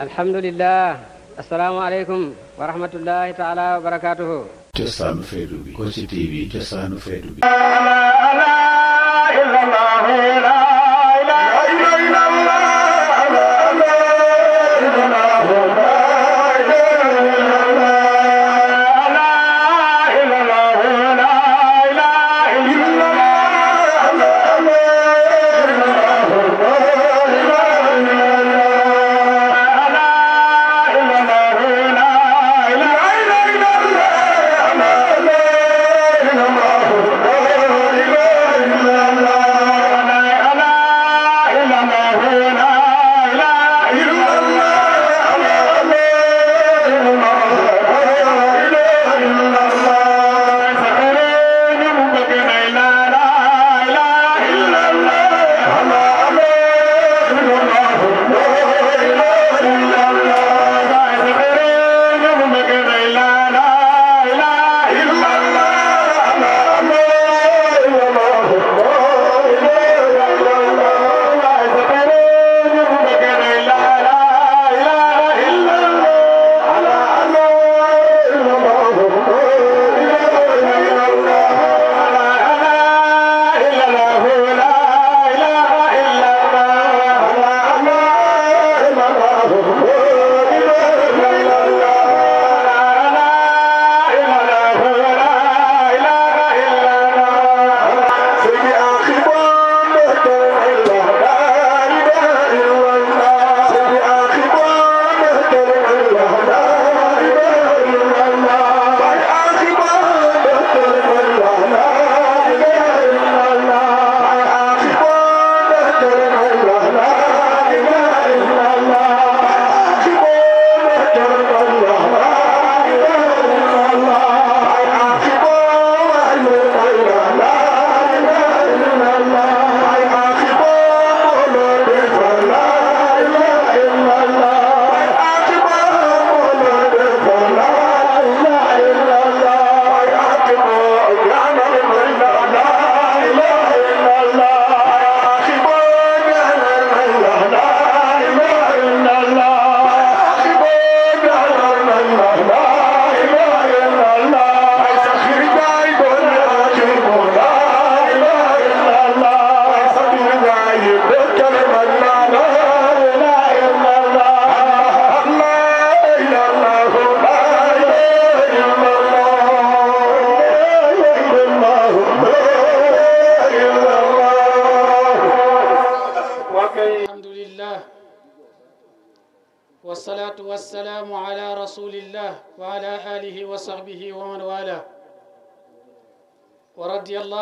الحمد لله السلام عليكم ورحمة الله تعالى وبركاته جسان فيدوبي كوشي تي في جسان فيدوبي لا إلا الله لا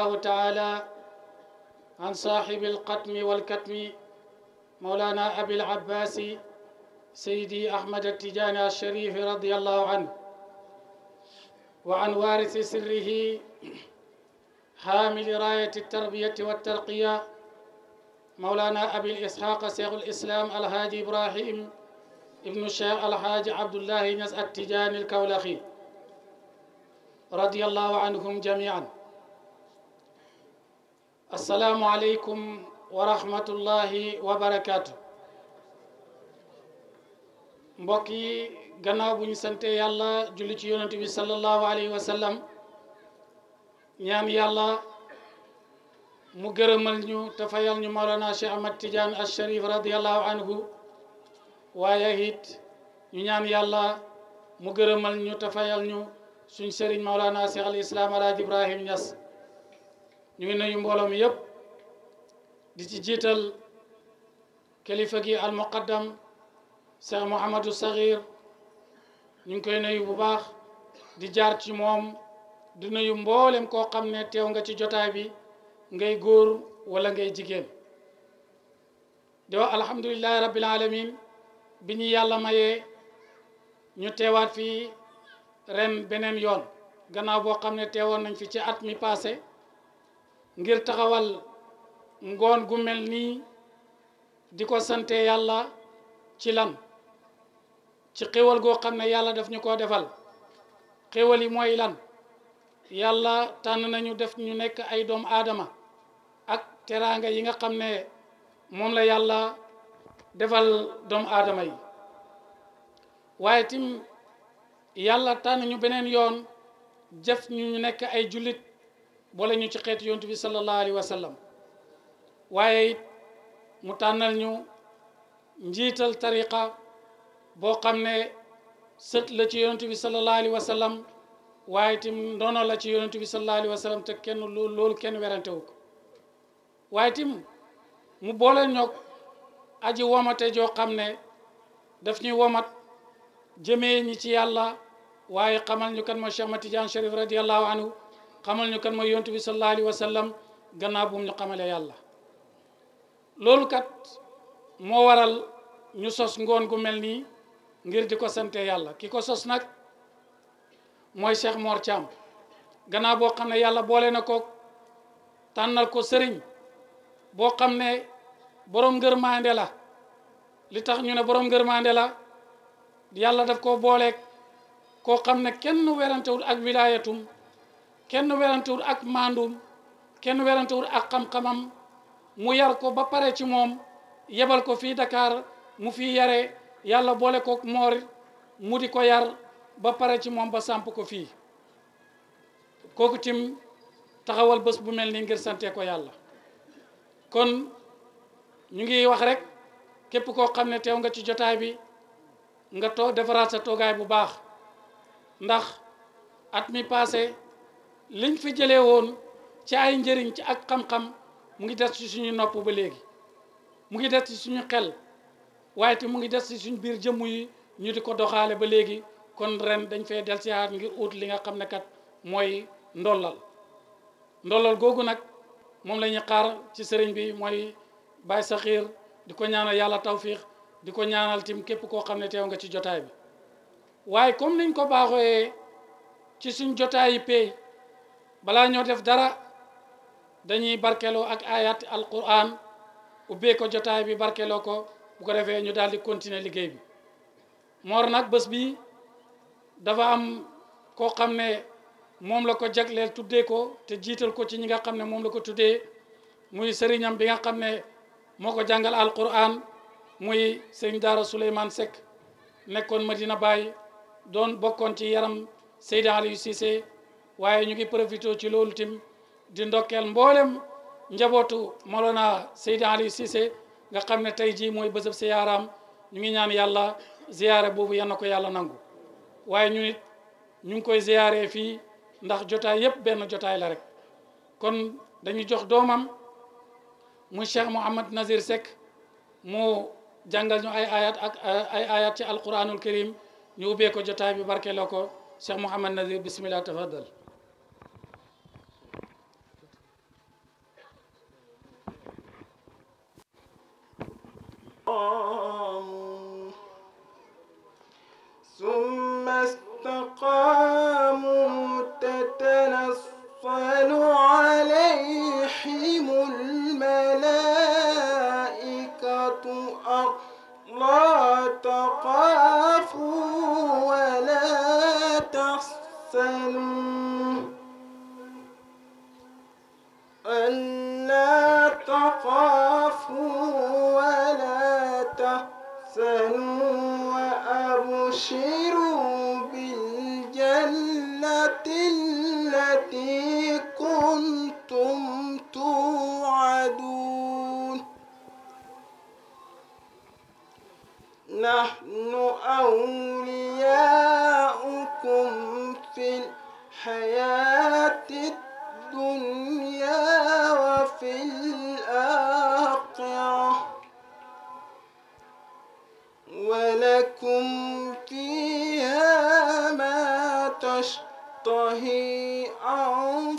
الله تعالى عن صاحب القتم والكتم مولانا أبي العباس سيدي أحمد التجاني الشريف رضي الله عنه وعن وارث سره حامل راية التربية والترقية مولانا أبي الإسحاق شيخ الإسلام الهادي إبراهيم ابن الشيخ الحاج عبد الله نزأ التجاني الكولخي رضي الله عنهم جميعاً السلام عليكم ورحمة الله وبركاته mbokki gannaaw bu ñu sante yàlla julli ci yonent bi sallallahu alayhi wa sallam ñaan yàlla mu gërëmal ñu te fayal ñu Mawlana Cheikh Ahmad Tidiane al Sharif radiyallahu anhu waaye it ñu ñaan yàlla mu gërëmal ñu te fayal ñu suñ sëriñ Mawlana Cheikh al Islam Alaaji Ibrahim Niass ñu ngi nuyu mbooloo mi yëpp di ci jiital kilifa gi almuqaddam Cheikh Mouhamadou Saghir ñu ngi koy nuyu bu baax di jaar ci moom di nuyu mboolem koo xam ne teew nga ci jotaay bi ngay góor wala ngay jigéen di wax alhamdulilahi rabbil alamin bi ñu yàlla mayee ñu teewaat fii ren beneen yoon gannaaw boo xam ne teewoon nañ fi ci at mi passé ngir taxawal ngoon gu mel nii di ko sante yàlla ci lan ci xéwal goo xam ne yàlla def ñu ko defal xéwal yi mooy lan yàlla tànn nañu def ñu nekk ay doom aadama ak teraanga yi nga xam ne moom la yàlla defal doom aadama yi waaye tim yàlla tànn ñu beneen yoon jëf ñu nekk ay jullit boole ñu ci xeetu yontu bi sallallahu alayhi wa sallam waaye it mu tànnal ñu njiital tariqa boo xam ne sët la ci yonentu bi sallallahu alayhi wa sallam waaye tim ndono la ci yonentu bi sallallahu alayhi wa sallam te kenn loolu kenn werante waaye tim mu boole ñoog aji womate joo xam ne daf ñuy womat jëmee ñi ci yàlla waaye xamal ñu kan mooy Cheikh Mati Tijaan Cherif radiyallahu anhu xamal ñu kan mooy yontu bi sallallahu alayhi wa sallam gannaaw la mu ñu xamale yàlla loolu kat moo waral ñu sos ngoon gu mel nii ngir di ko sante yàlla ki ko sos nag mooy Cheikh moor Thiam gannaaw boo xam ne yàlla boole na kook tànnal ko sëriñ boo xam ne borom ngërmaande la li tax ñu ne borom ngërmaande la yàlla daf koo booleeg koo xam ne kenn werantewul ak wilaayatum kenn werantewul ak maandum kenn werantewul ak xam-xamam mu yar ko ba pare ci moom yebal ko fii dakaar mu fi yare yàlla boole ko moor mu di ko yar ba pare ci moom ba samp ko fii kooku tim taxawal bës bu mel nii ngir sante ko yàlla kon ñu ngi wax rek képp koo xam ne teew nga ci jotaay bi nga toog defaraat sa toogaay bu baax ndax at mi passé liñ fi jëlee woon ci ay njëriñ ci ak xam-xam mu ngi des ci suñu nopp ba léegi mu ngi des ci suñu xel waaye te mu ngi des ci suñu biir jëmm yi ñu di ko doxaale ba léegi kon ren dañ fee del siaar ngir ut li nga xam ne kat mooy ndollal ndollal googu nag moom lañuy xaar ci sëriñ bi mooy sa xiir di ko ñaanal yàlla tawfiix di ko ñaanal tim képp koo xam ne teew nga ci jotaay bi waaye comme niñ ko baaxooyee ci suñ jotaay yi pay balaa ñoo def dara dañuy barkeloo ak ayat alquran ubbee ko jotaay bi barkeloo ko bu ko defee ñu daal di continuer liggéey bi moor nag bés bi dafa am koo xam ne moom la ko jagleel tuddee ko te jiital ko ci ñi nga xam ne moom la ko tuddee muy sëriñam bi nga xam ne moo ko jàngal alquran muy sëriñ daara Souleymane Seck nekkoon ma dina Baye doon bokkoon ci yaram Seydi Aliou Cissé waaye ñu ngi profité ci loolu tim di ndokkeel mboolem njabootu Mawlana Seydi Ali Cissé nga xam ne tey jii mooy bésëb siyaaraam ñu ngi ñaan yàlla ziyaare boobu yal na ko yàlla nangu waaye ñu nit ñu ngi koy ziyaare fii ndax jotaay yépp benn jotaay la rek kon dañu jox doomam muy Cheikh Mouhamad Nazir Seck moo jàngal ñu ay ayat ak ay ayat ci alquranul karim ñu ubbee ko jotaay bi barkeeloo ko Cheikh Mouhamad Nazir bismillah tafadal استقاموا ثم استقاموا تتنصل عليهم الملائكة لا تخافوا ولا تحزنوا ألا تخافوا وأبشروا بالجنة التي كنتم توعدون نحن أولياؤكم في الحياة الدنيا وفي الآخرة ولكم torre ao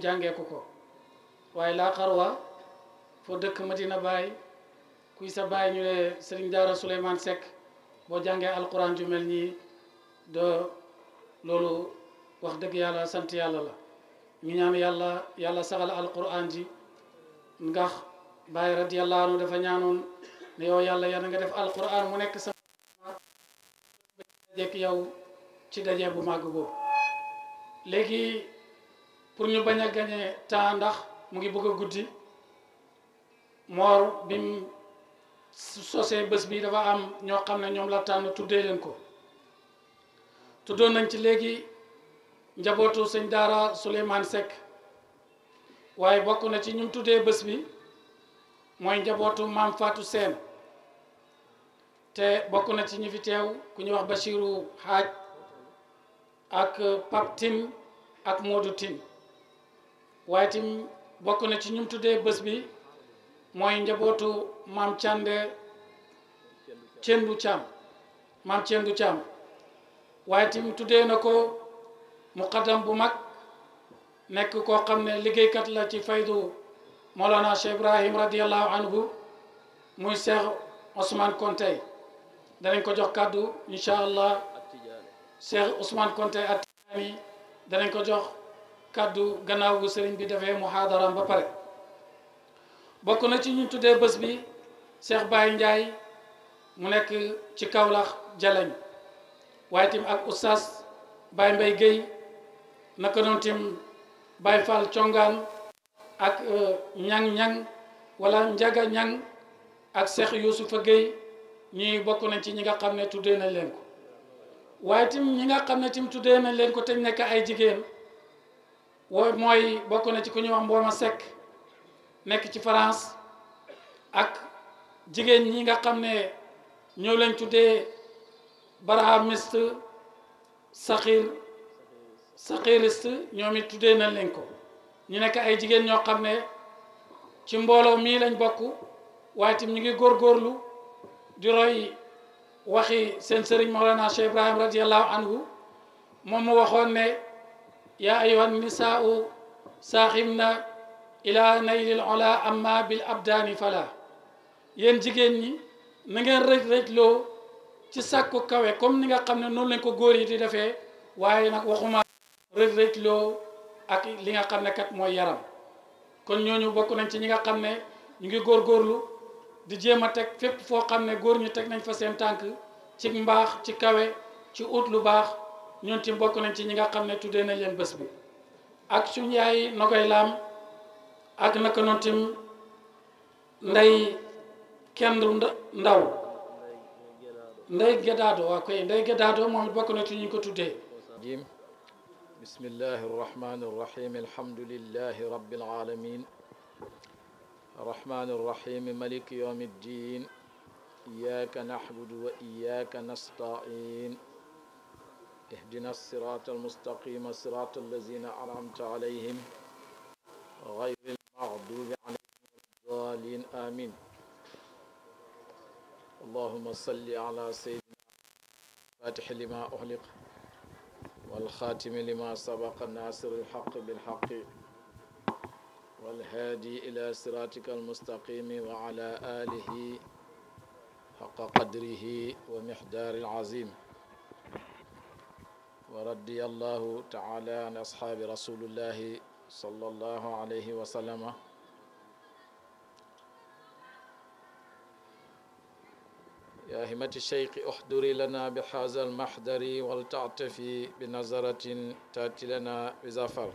ñu jàngee ko ko waaye laa xarwa foo dëkk Madina Baay kuy sa baay ñu ne Serigne Daara Souleymane Seck boo jàngee alquran ju mel nii de loolu wax dëgg yàlla sant yàlla la ñu ñaan yàlla yàlla saxal alquran ji ndax Baay radiyallahu anhu dafa ñaanoon ne yow yàlla yàlla nga def alquran mu nekk sa jekk yow ci daje bu màgg boobu léegi pour ñu bañ a gañee temps ndax mu ngi bëgg a guddi moor bi mu sosee bés bi dafa am ñoo xam ne ñoom la tànn tuddee leen ko tuddoon nañ ci léegi njabootu sëñ daara Souleymane Seck waaye bokk na ci ñu tuddee bës bi mooy njabootu maam Fatou Seen te bokk na ci ñu fi teew ku ñuy wax Bachirou Haaj ak Pape Tine ak Modou Tine waaye tim bokk na ci ñum tuddee bës bi mooy njabootu maam Cande Cendu Caam maam Cendu Caam waaye tim tuddee na ko muqaddam bu mag nekk koo xam ne liggéeykat la ci faydu Mawlana Cheikh Ibrahim radiallahu anhu muy Cheikh Ousmane Konté danañ ko jox kàddu incha allah Cheikh Ousmane Konté at danañ ko jox kàddu gannaaw bu sëriñ bi defee muhaadaram ba pare bokk na ci ñu tuddee bés bi seex baay Ndiaye mu nekk ci Kaolack Jalañ waaye tim ak oustaz Baye Mbaye Guèye naka noonu tim Baye Fall Congaan ak ñang-ñang euh, wala njaga ñang ak Cheikh Youssoufa Guèye ñuy bokku na ci ñi nga xam ne tuddee nañ leen ko waaye tim ñi nga xam ne tim tuddee nañ leen ko te nekk ay jigéen woo mooy bokk na ci ku ñuy wax Mbooma Seck nekk ci France ak jigéen ñi nga xam ne ñoo leen tuddee barahamiste saxir saxiriste ñoom it tuddee nañ leen ko ñu nekk ay jigéen ñoo xam ne ci mbooloo mii lañ bokk waaye tam ñu ngi góorgóorlu di roy waxi seen sëriñ Mawlana Cheikh Ibrahim radiyallahu anhu moom mu waxoon ne yaa يا أيها النساء ساخمنا إلى نيل العلا أما بالأبدان فلا yéen jigéen ñi na ngeen rëj rëjloo ci sàkku kawe comme ni nga xam ne noonu lañ ko góor yi di defee waaye nag waxuma rëj rëjloo ak li nga xam ne kat mooy yaram kon ñooñu bokk nañ ci ñi nga xam ne ñu ngi góor góorlu di jéem a teg fépp foo xam ne góor ñi teg nañ fa seen tànk ci mbaax ci kawe ci ut lu baax ñun tim bokk nañ ci ñi nga xam ne tuddee nañ leen bés bi ak suñ yaay Nogoy Laam ak naka noonu tim ndey kenn ndaw ndey gedaado waa koy ndey gedaado moom it bokk na ci ñu ko tuddee بسم الله الرحمن الرحيم الحمد لله رب العالمين الرحمن الرحيم ملك يوم الدين إياك نعبد وإياك نستعين اهدنا الصراط المستقيم صراط الذين أنعمت عليهم غير المغضوب عليهم الضالين آمين اللهم صل على سيدنا الفاتح لما أغلق والخاتم لما سبق الناصر الحق بالحق والهادي إلى صراطك المستقيم وعلى آله حق قدره ومحدار العظيم وردي الله تعالى عن أصحاب رسول الله صلى الله عليه وسلم يا همة الشيخ احضر لنا بهذا المحضر والتعتفي بنظرة تأتي لنا بزفر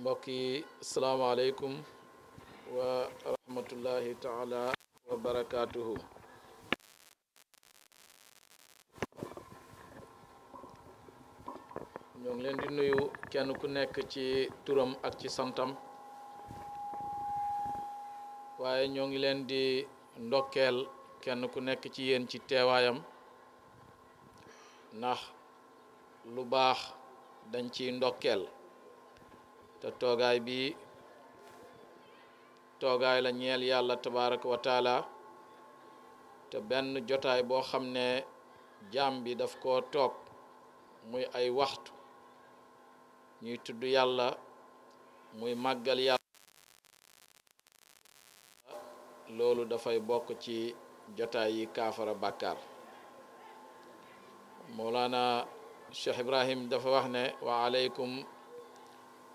mbokki السلام عليكم ورحمة الله تعالى وبركاته ñoo ngi leen di nuyu kenn ku nekk ci turam ak ci santam waaye ñoo ngi leen di ndokkeel kenn ku nekk ci yéen ci teewaayam ndax lu baax dañ ciy ndokkeel te toogaay bi toogaay la ñeel yàlla tabaraka wa taala te benn jotaay boo xam ne jaam bi daf koo toog muy ay waxtu ñuy tudd yàlla muy màggal yàlla loolu dafay bokk ci jotaay yi kaafara bàkkaar moolaana cheikh ibrahim dafa wax ne wa alaykum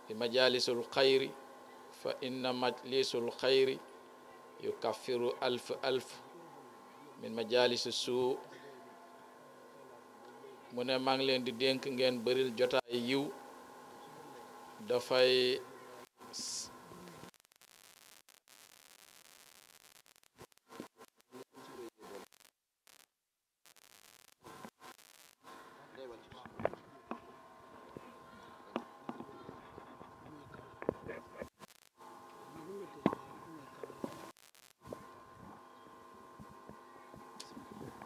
bi majalisul xayri fa inna majlisul xayri yukaffiru alf alf min majalisi suu mu ne maa ngi leen di dénk ngeen bëril jotaay yiw dafay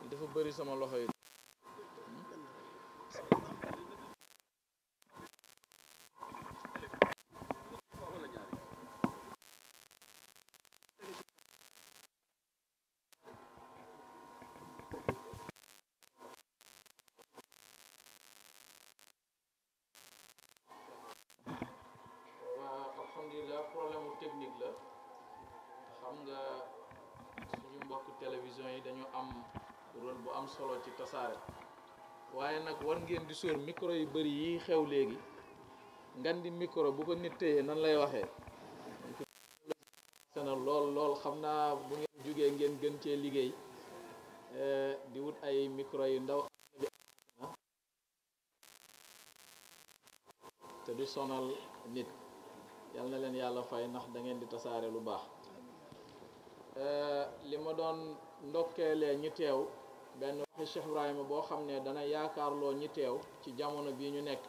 dafa bëri sama loxo yi am solo ci tasaare waaye nag war ngeen di sóor micro yu bari yi xew léegi ngan di micro bu ko nit téyee nan lay waxee sena lool lool xam naa bu ngeen jógee ngeen gën cee liggéey eh, di wut ay micro yu ndaw te du sonal nit yal na leen yàlla fay ndax dangeen di tasaare lu baax eh, li ma doon ndokkeelee ñi teew benn waxi Cheikh Ibrahima boo xam ne dana yaakaarloo ñi teew ci jamono bii ñu nekk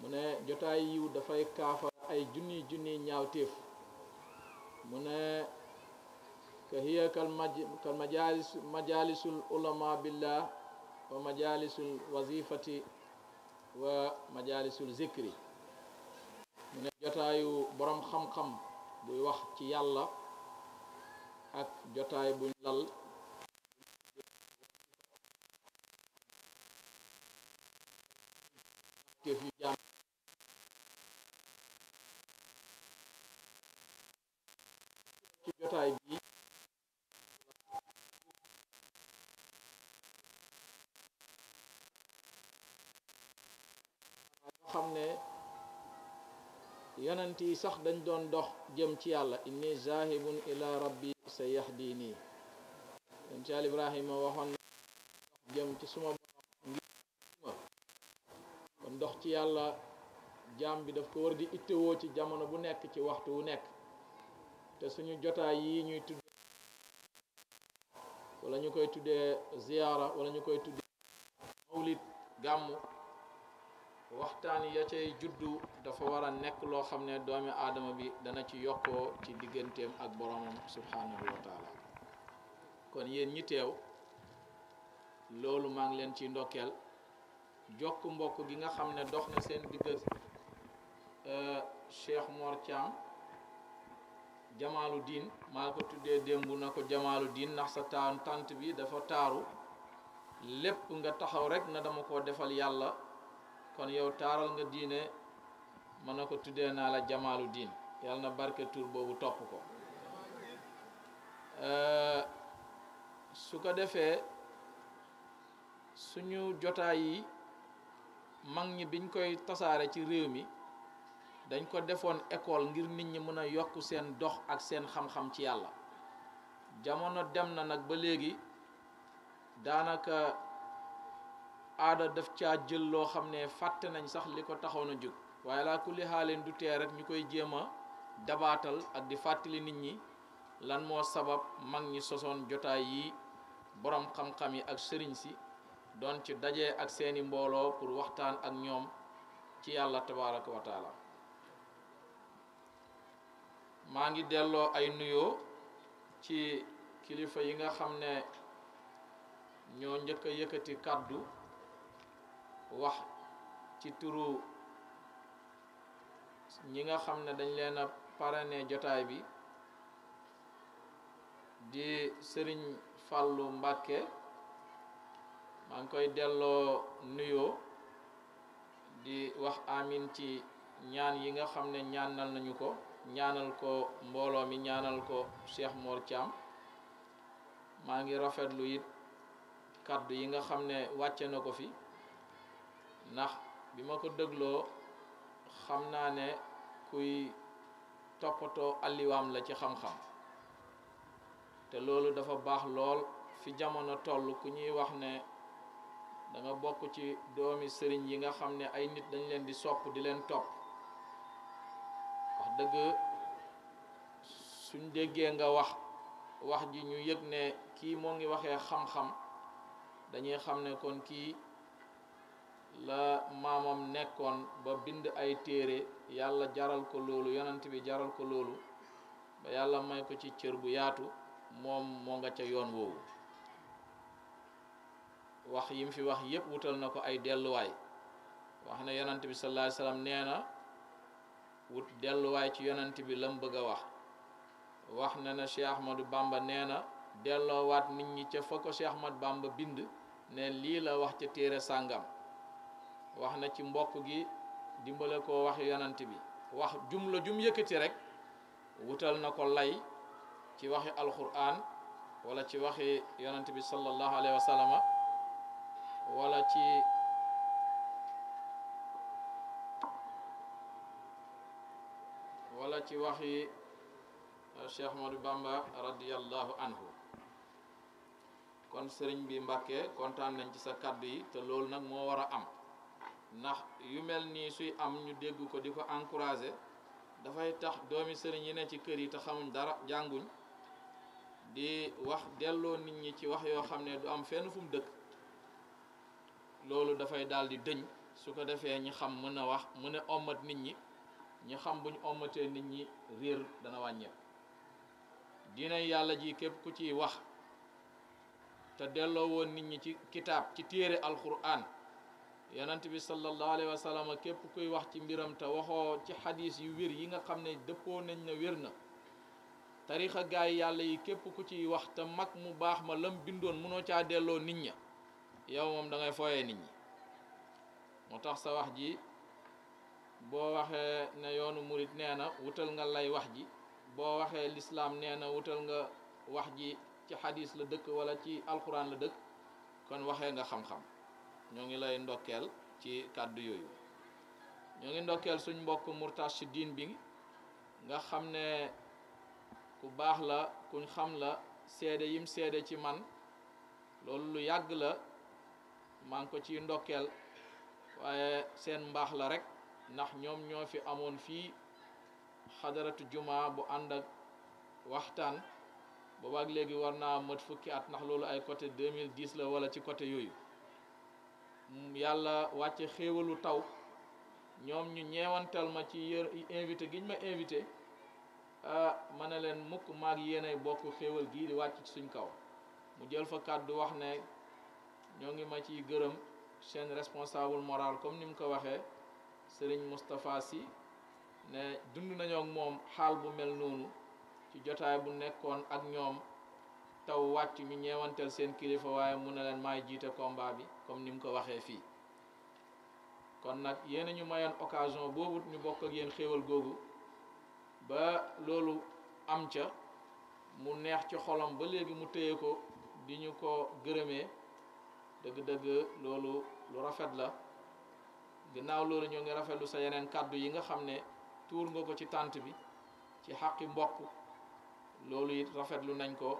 mu ne jotaay yiw dafay kaafa ay junni junni ñaawteef mu ne ka hiya kal majalis majalisul ulama billah wa majalisul wazifati wa majalisul zikri mu ne jotaayu borom xam-xam buy wax ci yàlla ak jotaay buñ lal yonenti sax dañ doon dox jëm ci yàlla inni zahibun ila rabbi sa yahdini ci yàlla ibrahima waxoon na jëm ci suma borom ngir ma kon dox ci yàlla jaam bi daf ko war di ittewoo ci jamono bu nekk ci waxtu wu nekk te suñu jotaay yi ñuy tudd wala ñu koy tuddee ziyaara wala ñu koy tuddee mawlid gàmmu waxtaan ya cay juddu dafa war a nekk loo xam ne doomi aadama bi dana ci yokkoo ci digganteem ak boromam subhanahu wa taala kon yéen ñi teew loolu maa ngi leen ci ndokkeel jokk mbokk gi nga xam ne dox na seen diggal euh, cheikh mor tiam jamaalu diin ko tuddee démb na ko jamaalu sa taan bi dafa taru lépp nga taxaw rek na dama ko defal yàlla kon yow taaral nga diine mën na ko tuddee naa la jamaalu diin na barke boobu topp ko euh, su ko defee suñu jotaay mag ñi biñ koy tasaare ci réew mi dañ ko defoon école ngir nit ñi mën a yokk seen dox ak seen xam ci yàlla dem na nag ba léegi daanaka aada daf caa jël loo xam ne fàtte nañ sax li ko taxoon a jóg waaye laa kulli xaaleen du tee rek ñu koy jéema a dabaatal ak di fàttali nit ñi lan moo sabab mag ñi sosoon jotaay yi boroom xam-xam yi ak sëriñ si doon ci dajee ak seeni mbooloo pour waxtaan ak ñoom ci yàlla tabaraka wa taala maa ngi delloo ay nuyoo ci kilifa yi nga xam ne ñoo njëkk a yëkkati kàddu wax ci turu ñi nga xam ne dañ leen a parane jotaay bi di sëriñ fàllu mbàkke maa ngi koy delloo nuyoo di wax amin ci ñaan yi nga xam ne ñaanal nañu ko ñaanal ko mbooloo mi ñaanal ko cheikh mor thiam maa ngi rafetlu it kaddu yi nga xam ne wàcce fi ndax bi ma ko dégloo xam naa ne kuy toppatoo alliwaam la ci xam-xam te loolu dafa baax lool fi jamono toll ku ñuy wax ne danga bokk ci doomi sëriñ yi nga xam ne ay nit dañ leen di sopp di leen topp wax dëgg suñ déggee nga wax wax ji ñu yëg ne kii moo ngi waxee xam-xam dañuy xam ne kon kii la maamam nekkoon ba bind ay téere yàlla jaral ko loolu yonent bi jaral ko loolu ba yàlla may ko ci cër bu yaatu moom moo nga ca yoon woowu wax yi fi wax yépp wutal na ko ay delluwaay wax na yonent bi sallallahu alayhi wasallam nee na wut delluwaay ci yonent bi lam bëgg a wax wax na na Cheikh Ahmadou Bamba nee na delloowaat nit ñi ca fa ko Cheikh Ahmad Bamba bind ne lii la wax ca téere sàngam wax na ci mbokk gi dimbale ko wax yonant bi wax jumla jum yëkkati rek wutal na ko lay ci waxi alquran walla ci waxi yonant bi sallallahu alayhi wa sallama ci wala ci waxi Cheikh Ahmadou Bamba radiyallahu anhu kon sëriñ bi Mbàkke kontaan nañ ci sa kàddu yi te loolu nag moo war a am ndax yu mel nii suy am ñu dégg ko di ko encouragé dafay tax doomi sëriñ yi ne ci kër yi te xamuñ dara jànguñ di wax delloo nit ñi ci wax yoo xam ne du am fenn fu mu dëkk loolu dafay daal di dëñ su ko defee ñi xam mën a wax mën a ommat nit ñi ñi xam buñ ommatee nit ñi réer dana wàññeeku diine yàlla ji képp ku ciy wax te delloo woon nit ñi ci kitaab ci téere alquran yonent bi sallallahu alayhi wa sallam képp kuy wax ci mbiram te waxoo ci hadith yu wér yi nga xam ne dëppoo nañ ne wér na tarixa gaay yàlla yi képp ku ci wax te mag mu baax ma lam bindoon munoo caa delloo nit ña yow moom da ngay fooyee nit ñi moo tax sa wax ji boo waxee ne yoonu murit nee na wutal nga lay wax ji boo waxee lislaam nee na wutal nga wax ji ci xadis la dëkk wala ci alquran la dëkk kon waxee nga xam-xam ñoo ngi lay ndokkeel ci kàddu yooyu ñoo ngi ndokkeel suñ mbokk diin bi nga xam ne ku baax la kuñ xam la seede yim seede ci man loolu lu yàgg la maa ngi ko ciy ndokkeel waaye seen mbaax la rek ndax ñoom ñoo fi amoon fii xadaratu juma bu ànd ak waxtaan boobaak léegi war naa mat fukki at ndax loolu ay côté 2010 la wala ci côté yooyu Mm, yàlla wàcce xéewalu taw ñoom ñu ñeewantal ma ci yër invité giñ ma invité ah, ma ne leen mukk maak yéenay bokk xéewal gii di wàcc ci suñ kaw mu jël fa kàddu wax ne ñoo ngi ma ciy gërëm seen responsable moral comme ni mu ko waxee sëriñ Moustapha si ne dund nañoo ak moom xaal bu mel noonu ci jotaay bu nekkoon ak ñoom taw wàcc ñu ñeewantal seen kilifa waaye mun ne leen maay jiite combat bi comme ni mu ko waxee fii kon nag yéen ñu mayoon occasion boobu ñu bokk ak yéen xéewal googu ba loolu am ca mu neex ci xolam ba léegi mu téye ko di ñu ko gërëmee dëgg-dëgg loolu lu rafet la ginnaaw loolu ñoo ngi rafetlu sa yeneen kàddu yi nga xam ne tuur nga ko ci tànt bi ci xaqi mbokk loolu it rafetlu nañ ko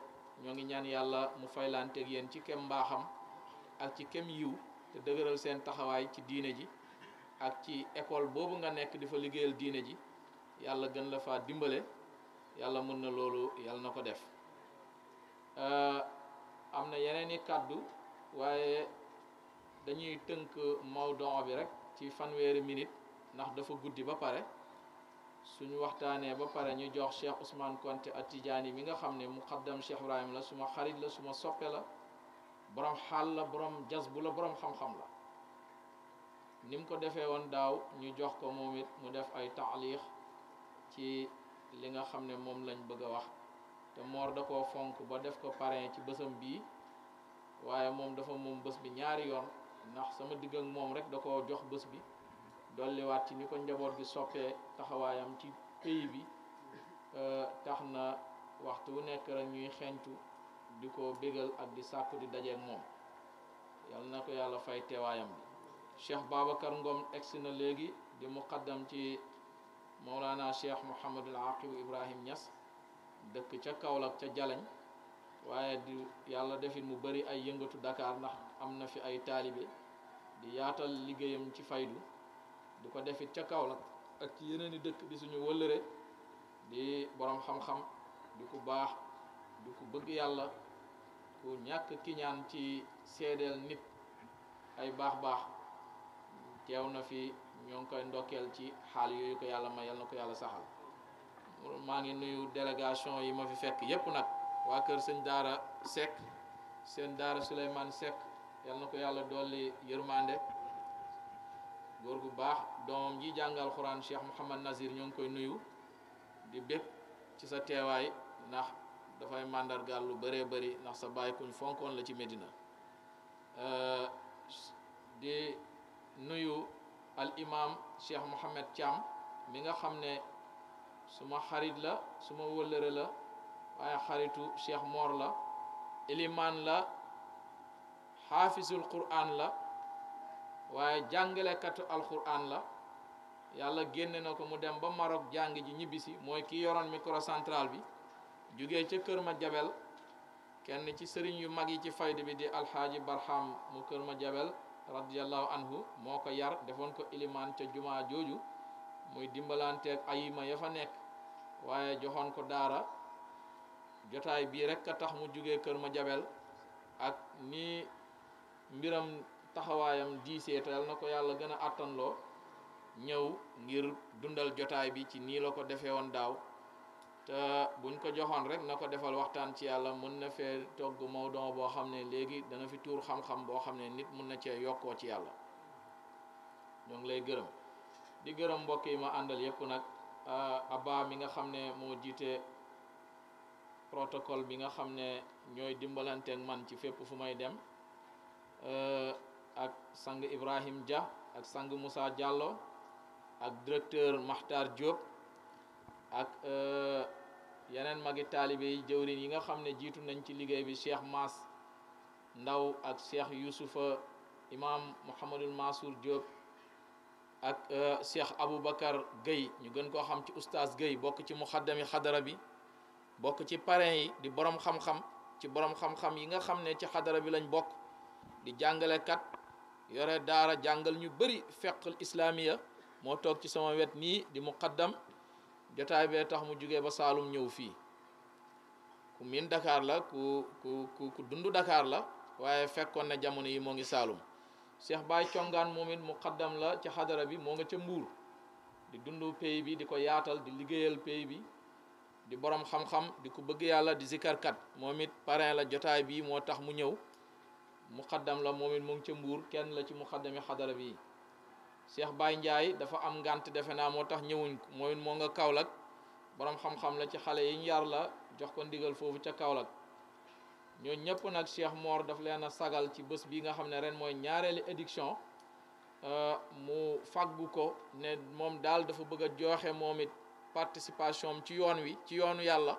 ñoo ngi ñaan yàlla mu faylanteeg yéen ci kem mbaaxam ak ci kem yiw te dëgëral seen taxawaay ci diine ji ak ci école boobu nga nekk di fa liggéeyal diine ji yàlla gën la fa dimbale yàlla mën na loolu yàlla na ko def am na yeneen i kàddu waaye dañuy tënk mawdon bi rek ci fanweeri minute ndax dafa guddi ba pare suñu waxtaanee ba pare ñu jox Cheikh Ousmane Konté tidiane mi nga xam ne muqaddam Cheikh Ibrahim la suma xarit la suma soppe la borom xaal la borom jazbu la borom xam-xam la nim ko defee woon daaw ñu jox ko momit mu def ay taalix ci li nga xam ne moom lañ bëgg a wax te moor da koo fonk ba def ko parrain ci bësam bii waaye moom dafa moom bës bi ñaari yoon ndax sama digg ak moom rek da koo jox bës bi dolliwaat ci ni ko njaboot gi soppee taxawaayam ci pays bi euh, tax na waxtu wu nekk rek ñuy xeeñtu di ko bégal ak di sàkku di dajeeg moom yal na ko yàlla fay teewaayam bi cheikh Babacar Ngom egsi na léegi di muqaddam ci Mawlana cheikh Mouhamadul Aqib Ibrahim ñas dëkk ca Kaolack ca jaleñ waaye di yàlla defit mu bëri ay yëngatu Dakar ndax am na fi ay taalibe di yaatal liggéeyam ci faydu di ko defit ca kaw la ak ci yeneen i dëkk di suñu wëllëre di boroom xam-xam di ku baax di ku bëgg yàlla ku ñàkk kiñaan ci seedeel nit ay baax-baax teew na fi ñoo ngi koy ndokkeel ci xaal yooyu ko yàlla may yal na ko yàlla saxal maa ngi nuyu délégation yi ma fi fekk yépp nag waa kër sëñ daara Seck seen daara Souleymane Seck yal na ko yàlla dolli yërmande góor gu baax doomam ji jàngal xuraan Cheikh Mouhamad Nazir ñoo ngi koy nuyu di bég ci sa teewaay ndax dafay màndargaal lu bëree bëri ndax sa bàyyi kuñ fonkoon la ci Medina di nuyu al imam Cheikh Mouhamed Thiam mi nga xam ne suma xarit la suma wëllëre la waaye xaritu Cheikh Mor la ilimaan la xaafisul Qur'an la waaye jàngalekatu alxuraan la yàlla génne na ko mu dem ba Maroc jàng ji ñibbisi mooy ki yoroon microcentral bi jóge ca kër ma jabel kenn ci sëriñ yu mag yi ci fayda bi di alxaaji barham mu kër ma jabel radiallahu anhu moo ko yar defoon ko ilimaan ca jumaa jooju muy dimbalanteeg ayima ya fa nekk waaye joxoon ko daara jotaay bii rekk a tax mu jóge kër ma jabel ak ni mbiram taxawaayam diisee te na ko yàlla gën a àttanloo ñëw ngir dundal jotaay bi ci nii la ko defee woon daaw te buñ ko joxoon rek na ko defal waxtaan ci yàlla mën na fee togg mawdon boo xam ne léegi dana fi tuur xam-xam boo xam ne nit mun na cee yokkoo ci yàlla ñoo ngi lay gërëm di gërëm mbokk yi ma àndal yépp nag abba mi nga xam ne moo jiite protocole bi nga xam ne ñooy dimbalanteeg man ci fépp fu may dem ak sang Ibrahim Dia ak sang Moussa Diallo ak directeur Makhtar Diop ak euh, yeneen magi taalibe yi jëwrin yi nga xam ne jiitu nañ ci liggéey bi Cheikh Mass Ndaw ak Cheikh Youssoufa imam Mouhamadul Mansour Diop ak euh, abu bakar Gueye ñu gën koo xam ci oustaz Gueye bokk ci muxaddami xadara bi bokk ci parrain yi di boroom xam-xam ci boroom xam-xam yi nga xam ne ci xadara bi lañ bokk di jàngalekat yore daara jàngal ñu bari bëri feqal ya moo toog ci sama wet nii di muqaddam jotaay bee tax mu jóge ba Saalum ñëw fii ku miin Dakar la ku ku ku dund dakaar la waaye fekkoon na jamono yi moo ngi Saalum Cheikh Baye Congaan moom it muqaddam la ci xadara bi moo nga ca Mbuur di dund pays bi di ko yaatal di liggéeyal pays bi di borom xam-xam di ko bëgg yàlla di zikarkat moom it parrain la jotaay bii moo tax mu ñëw muqaddam la moom it mu ngi ca mbuur kenn la ci muqaddami xadara bi Cheikh Baye Ndiaye dafa am ngànt defe naa moo tax ñëwuñ ko moom it moo nga Kaolack boroom xam-xam la ci xale yi ñu la jox ko ndigal foofu ca Kaolack ñoo ñëpp nag Cheikh Mor daf leen a sagal ci bés bi nga xam ne ren mooy ñaareeli édition euh, mu fàggu ko ne moom daal dafa bëgg a joxe moom it participation ci yoon wi ci yoonu yàlla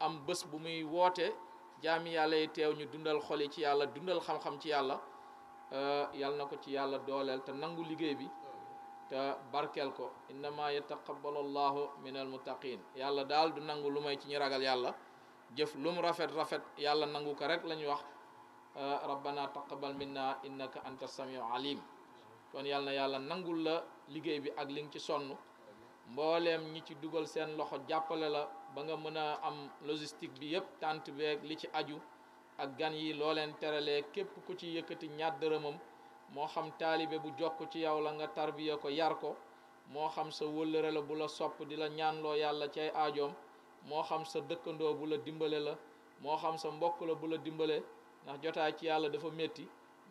am bés bu muy woote jaami yàlla yi teew ñu dundal xol yi ci yàlla dundal xam-xam ci yàlla euh, yàlla na ko ci yàlla dooleel te nangu liggéey bi te barkeel ko innama yataqabbalu allahu min almuttaqin yàlla daal du nangu lu may ci ñu ragal yàlla jëf lu mu rafet rafet yàlla nangu ko rek la ñu wax euh, rabbana taqabal minna innaka anta samiu alim kon yàlla yàlla nangul la liggéey bi ak li nga ci sonn mbooleem ñi ci dugal seen loxo jàppale la ba nga mën a am logistique bi yëpp tànt beeg li ci aju ak gan yi loo leen teralee képp ku ci yëkkati ñaar dërëmam moo xam taalibe bu jokk ci yow la nga tarbiya ko yar ko moo xam sa wëllëre la bu la sopp di la ñaanloo yàlla ci ajoom moo xam sa dëkkandoo bu la dimbale la moo xam sa mbokk la bu la dimbale ndax jotaay ci yàlla dafa métti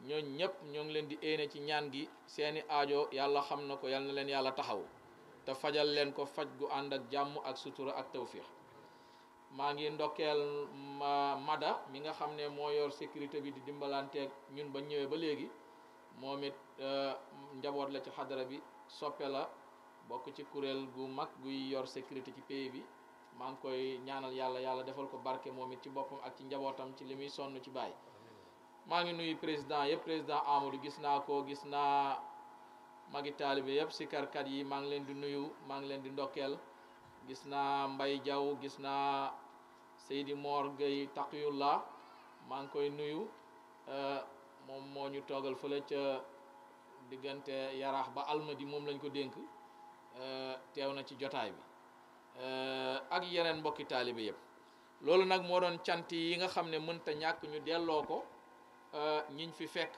ñooñ ñëpp ñoo ngi leen di éene ci ñaan gi seeni aajo yàlla xam na ko yal na leen yàlla taxaw te fajal leen ko faj gu ànd ak jàmm ak sutura ak tawfiix maa ngi ndokkeel mada mi nga xam ne moo yor sécurité bi di dimbalanteeg ñun ba ñëwee ba léegi moom it euh, njaboot la ci xadara bi soppe la bokk ci kuréel gu mag guy yor sécurité ci pays bi maa ngi koy ñaanal yàlla yàlla defal ko barke moom it ci boppam ak ci njabootam ci li muy sonn ci bàyyi maa ngi nuyu président yëpp président Amadou gis naa ko gis naa magi taalibe yëpp kat yi maa ngi di nuyu maa ngi leen di ndokkeel gis naa Mbay Jaw gis Seydi mor Gay Taqiyullah maa ngi koy nuyu euh, moom moo ñu togal fele ci diggante di ba di mom lañ ko dénk euh, teew na ci jotay bi euh, ak yenen mbokki taalibe yëpp loolu nak mo doon cianti yi nga xamne mën ta ñak ñu delo ko ñiñ fi fekk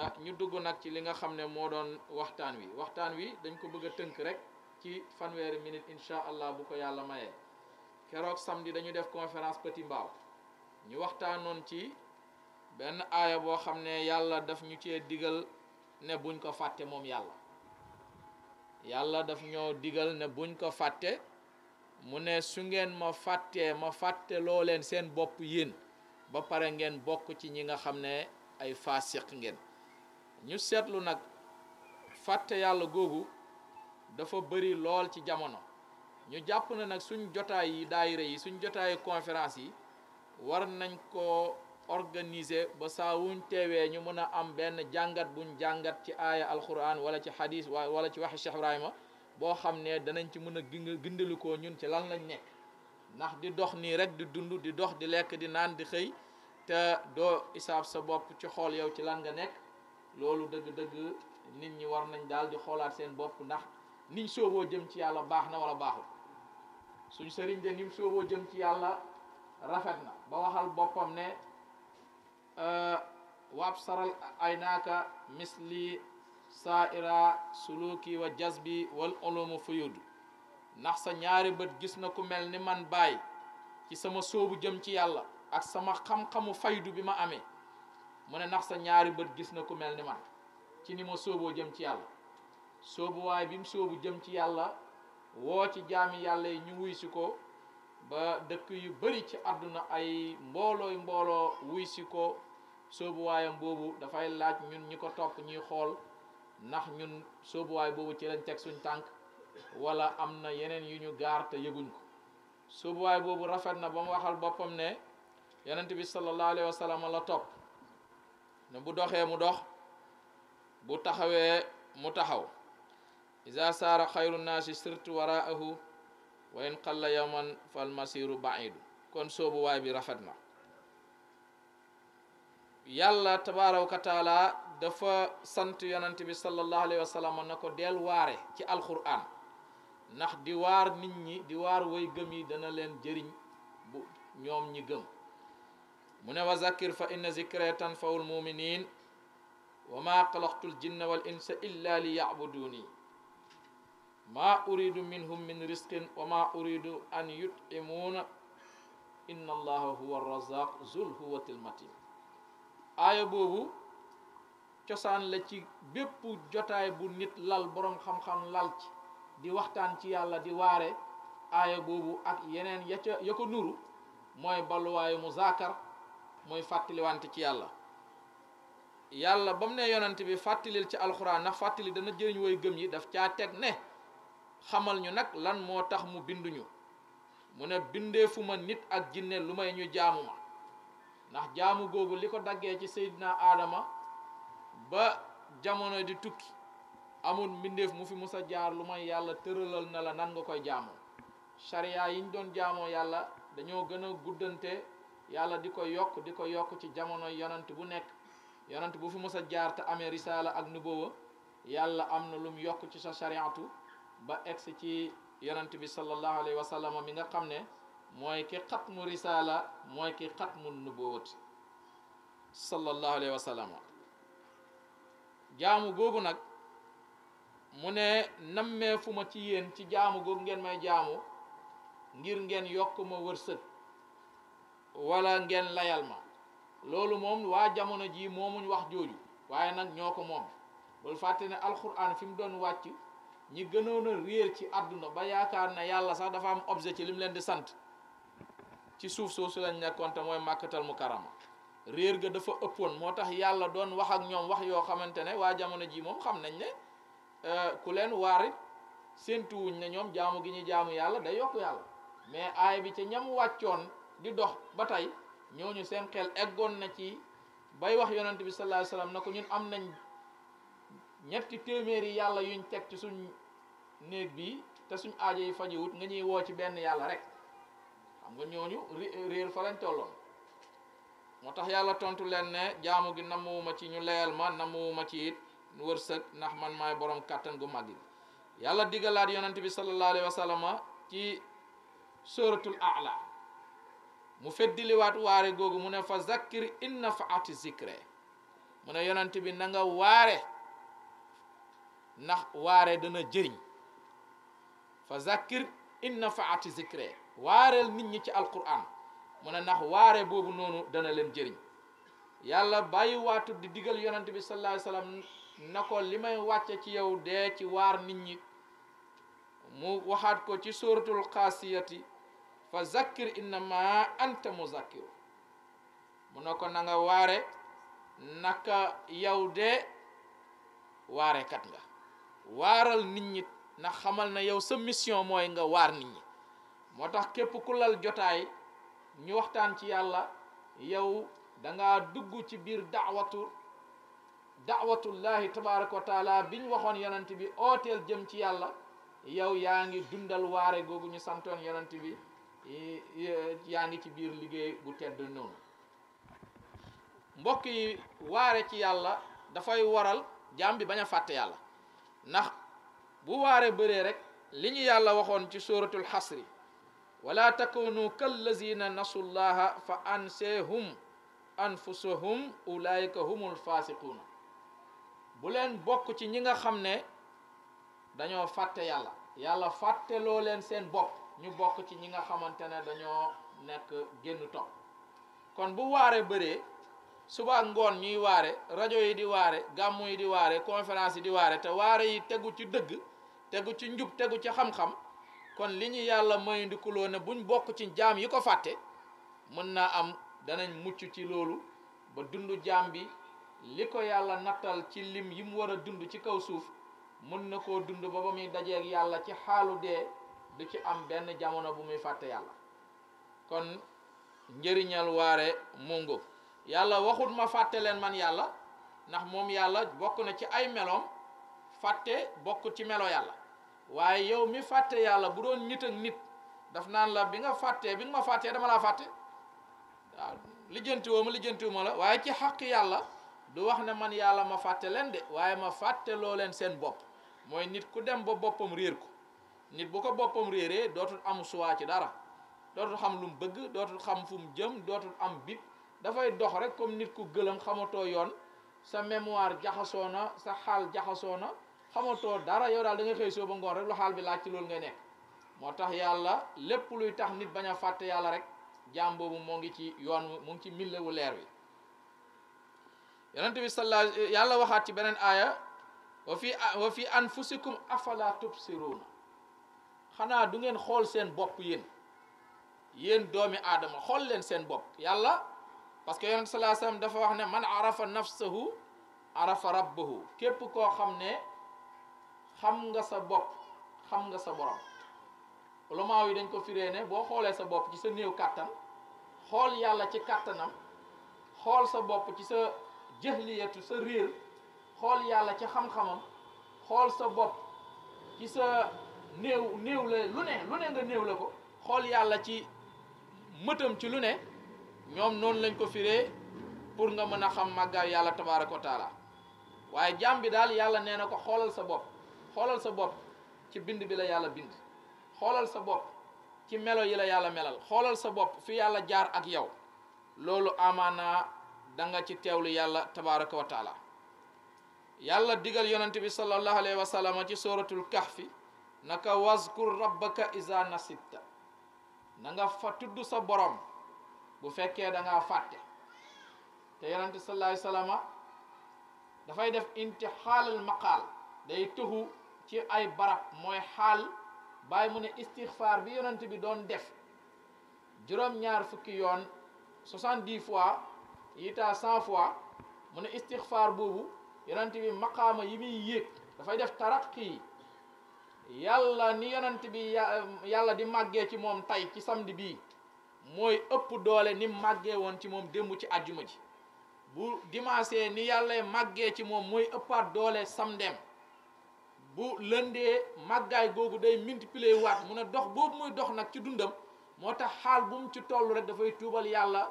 ah ñu dugg nak ci li nga xamne mo doon waxtaan wi waxtaan wi dañ ko bëgg teunk rek ci fanweeri minute incha allah bu ko yalla mayee kérok samedi dañu def conférence petit mbaaw ñu waxtaanoon ci ben aya bo xamne yalla daf ñu ci digal ne buñ ko fàtte mom yalla yalla daf ño digal ne buñ ko fàtte mu ne su ngeen ma fàttee ma fàtte loo leen seen bop yéen ba pare ngeen bok ci ñi nga xamne ay fasiq ngeen ñu seetlu nag fàtte yàlla googu dafa bëri lool ci jamono ñu jàpp na nag suñ jotaay yi daayira yi suñ jotaayu conférence yi war nañ ko organiser ba saa teewee ñu mën a am benn jàngat buñ jàngat ci aaya alxuraan wala ci hadis wala ci waxi Cheikh Ibrahima boo xam ne danañ ci mën a gindalikoo ñun ci lan lañ nekk ndax di dox nii rek di dund di dox di lekk di naan di xëy te doo isaab sa bopp ci xool yow ci lan nga nekk loolu dëgg-dëgg nit ñi war nañ daal di xoolaat seen bopp ndax niñ sooboo jëm ci yàlla baax na wala baaxul suñ sëriñ de nim sooboo jëm ci yàlla rafet na ba waxal boppam ne euh, waab saral misli saaira suluki wa jazbi wal ulumu fuyudu ndax sa ñaari bët gis na ku mel ni man bàyyi ci sama soobu jëm ci yàlla ak sama xam-xamu faydu bi ma amee mu ne ndax sa ñaari bët gis na ku mel ni man ci ni ma sóoboo jëm ci yàlla sóobuwaay bi mu sóobu jëm ci yàlla woo ci jaami yàlla yi ñu wuy si ko ba dëkk yu bari ci àdduna ay mboolooy mbooloo wuy si ko sóobuwaayam boobu dafay laaj ñun ñi ko topp ñuy xool ndax ñun sóobuwaay boobu ci lañ teg suñ tànk wala am na yeneen yu ñu gaar te yëguñ ko sóobuwaay boobu rafet na ba mu waxal boppam ne yonent bi sallallahu alayhi wa la topp ne bu doxee mu dox bu taxawee mu taxaw isa saara xayru naasi sirtu waraahu wa in qalla yawman fal masiru baidu kon soobuwaay bi rafet na yàlla tabaaraka wa dafa sant yonent bi sallallahu alayhi wa na ko del waare ci alquran ndax di waar nit ñi di waar way gëm yi dana leen jëriñ bu ñoom ñi gëm mu ne wa zakir fa inna zikra tanfaul muminin wa ma xalaqtu ljinna wal insa illa li yacbuduni ma uridu minhum min risqin wa ma uridu an yutcimuuna inna allaha huwa razaq zul huwati lmatin aaya boobu cosaan la ci bépp jotaay bu nit lal boroom xam-xam lal ci di waxtaan ci yàlla di waare aaya boobu ak yeneen ya ca ya ko nuru mooy balluwaayu muzaakar mooy fàttaliwante ci yàlla yàlla ba mu ne yonent bi fàttalil ci alxuraan ndax fàttali dana jëriñ woy gëm yi daf caa teg ne xamal ñu nag lan moo tax mu binduñu mu ne bindee fu ma nit ak jinne lu may ñu jaamu ma ndax jaamu googu li ko daggee ci Seydina Adama ba jamono di tukki amul mbindeef mu fi mus jaar lu may yàlla tëralal na la nan nga koy jaamoo sariya yiñ doon jaamoo yàlla dañoo gën a guddante yàlla di ko yokk di ko yokk ci jamono yonant bu nekk yonant bu fi mës a jaar te amee risaala ak nubuwa yàlla am na lum yokk ci sa shariatu ba egsi ci yonant bi sallallahu alayhi wa sallam mi nga xam ne mooy ki xat mu risaala mooy ki xat mu nubuwati sallallahu alayhi wa jaamu googu nag mu ne nammee fu ma ci yéen ci jaamu googu ngeen may jaamu ngir ngeen yokk ma wërsëg wala ngeen layal ma loolu moom waa jamono jii moomuñ wax jooju waaye nag ñoo ko moom bul fàtte ne alxuraan fi mu doon wàcc ñi gënoon a réer ci àdduna ba yaakaar na yàlla sax dafa am objet ci li leen di sant ci suuf soosu lañ nekkoon te mooy màkkatal mu karama réer ga dafa ëppoon moo tax yàlla doon wax ak ñoom wax yoo xamante ne waa jamono jii moom xam nañ ne euh, ku leen waarit séentuwuñ ne ñoom jaamu gi ñu jaamu yàlla day yokk yàlla mais aay bi ca ñam di dox ba tey ñooñu seen xel eggoon na ci bay wax yonente bi salaa sallam na ko ñun am nañ ñetti téeméeri yàlla yuñ teg ci suñ néeg bii te suñ aajo yi fajiwut nga ñuy woo ci benn yàlla rek xam nga ñooñu réer fa lañ tolloon moo tax yàlla tontu leen ne jaamu gi namuwuma ci ñu leyal ma namuwuma ci it wërsëg ndax man may borom kàttan gu magi yàlla digalaat yonente bi salaalaalihi wasalama ci suratul a'la mo feddili wat waare googo mune fa zakkir in nafaati zicre mune yonanti bi nanga waare ndax waare dana jëriñ fa zakkir in nafaati zicre waareel nit ñi ci alquran mune ndax waare boobu noonu dana leen jëriñ yàlla bàyyi waatu di digal yonant bi sal ai sallam na ko li may wàcce ci yow dee ci waar nit ñi mu waxaat ko ci suratul xaasiyati fa zakkir innama anta muzakkiru mu ne ko nanga waare naka yow de waarekat nga waaral nit ñi na xamal na yow sa mission mooy nga waar nit ñi moo tax képp ku lal jotaay ñu waxtaan ci yàlla yow danga dugg ci biir daawatu daawatullahi tabaraka wa bi ñu waxoon yonent bi ooteel jëm ci yàlla yow yaa ngi dundal waare googu ñu santoon yonent bi yaa ngi ci biir liggéey bu tedd noonu mbokk yi waare ci yàlla dafay waral jaam bi bañ a fàtte yàlla ndax bu waare bëree rek li ñu yàlla waxoon ci suratul xasri wala takunu kallazina nasu llaha fa anseehum anfusahum ulaayika humul faasiquuna bu leen bokk ci ñi nga xam ne dañoo fàtte yàlla yàlla fàtteloo leen seen bopp ñu bokk ci ñi nga xamante ne dañoo nekk génn topp kon bu waare bëree suba ngoon ñuy waare rajo yi di waare gàmmu yi di waare conférence yi di waare te waare yi tegu ci dëgg tegu ci njub tegu ci xam-xam kon li ñu yàlla mayandikuloo ne buñ bokk ci jaam yi ko fàtte mën naa am danañ mucc ci loolu ba dund jaam bi li ko yàlla nattal ci lim yi mu war a dund ci kaw suuf mën na koo dund ba ba muy dajeeg yàlla ci xaalu dee du ci am benn jamono bu muy fàtte yàlla kon njëriñal waare mungo yàlla waxut ma fàtte leen man yàlla ndax moom yàlla bokk na ci ay meloom fàtte bokk ci melo yàlla waaye yow mi fàtte yàlla bu doon nit ak nit daf naan la bi nga fàttee bi nga ma fàttee dama laa fàtte waaw woo ma lijjanti la waaye ci xàq yàlla du wax ne man yàlla ma fàtte leen de waaye ma fàtte loo leen seen bopp mooy nit ku dem ba boppam réer ko nit bu ko boppam réeree dootul amu suwaa ci dara dootul xam lu mu bëgg dootul xam fu mu jëm dootul am bip dafay dox rek comme nit ku gëlëm xamatoo yoon sa mémoire jaxasoo na sa xaal jaxasoo na xamatoo dara yow daal da nga xëy soo ba ngoon rek lu xaal bi laaj ci loolu nga nekk moo tax yàlla lépp luy tax nit bañ a fàtte yàlla rek jaam boobu moo ngi ci yoon mu ngi ci mille wu leer wi yonente bi salla yàlla waxaat ci beneen aaya wa fi wa fi anfusikum afala xanaa du ngeen xool seen bopp yéen yéen doomi aadama xool leen seen bopp yàlla parce que yonent salaa sallam dafa wax ne man arafa nafsahu arafa rabbahu képp koo xam ne xam nga sa bopp xam nga sa boroom ulama yi dañ ko firee ne boo xoolee sa bopp ci sa néew kàttan xool yàlla ci kàttanam xool sa bopp ci sa jëhliyatu sa réer xool yàlla ci xam-xamam xool sa bopp ci sa néew néew la lu ne lu ne nga néew la ko xool yàlla ci mëtam ci lu ne ñoom noonu lañ ko firee pour nga mën a xam màggaay yàlla tabaaraka wa taala waaye jaam bi daal yàlla nee na ko xoolal sa bopp xoolal sa bopp ci bind bi la yàlla bind xoolal sa bopp ci melo yi la yàlla melal xoolal sa bopp fi yàlla jaar ak yow loolu amaanaa da nga ci teewlu yàlla tabaaraka wa yàlla digal yonante bi sallallahu alayhi wa sallam sooratul suratul fi naka waskur rabbaka isa nasitta nanga fatuddu sa borom bu fekkee da nga fàtte te yonente salalah ai sallama dafay def intixaal al maqaal day tuxu ci ay barab mooy xaal bàyyi mu ne istixfaar bi yonent bi doon def juróom ñaar fukki yoon 70 fois yita 100 fois mu ne istixfaar boobu yonent bi maqaama yi muy yéeg dafay def taraqi yàlla ni yonent bi yàlla di màggee ci moom tey ci samedi bii mooy ëpp doole ni màggee woon ci moom démb ci àjjuma ji bu dimanche ni yàlla màggee ci moom mooy ëppaat doole samdem bu lëndee màggaay googu day multiplier waat mu ne dox boobu muy dox nag ci dundam moo tax xaal bu mu ci toll rek dafay tuubal yàlla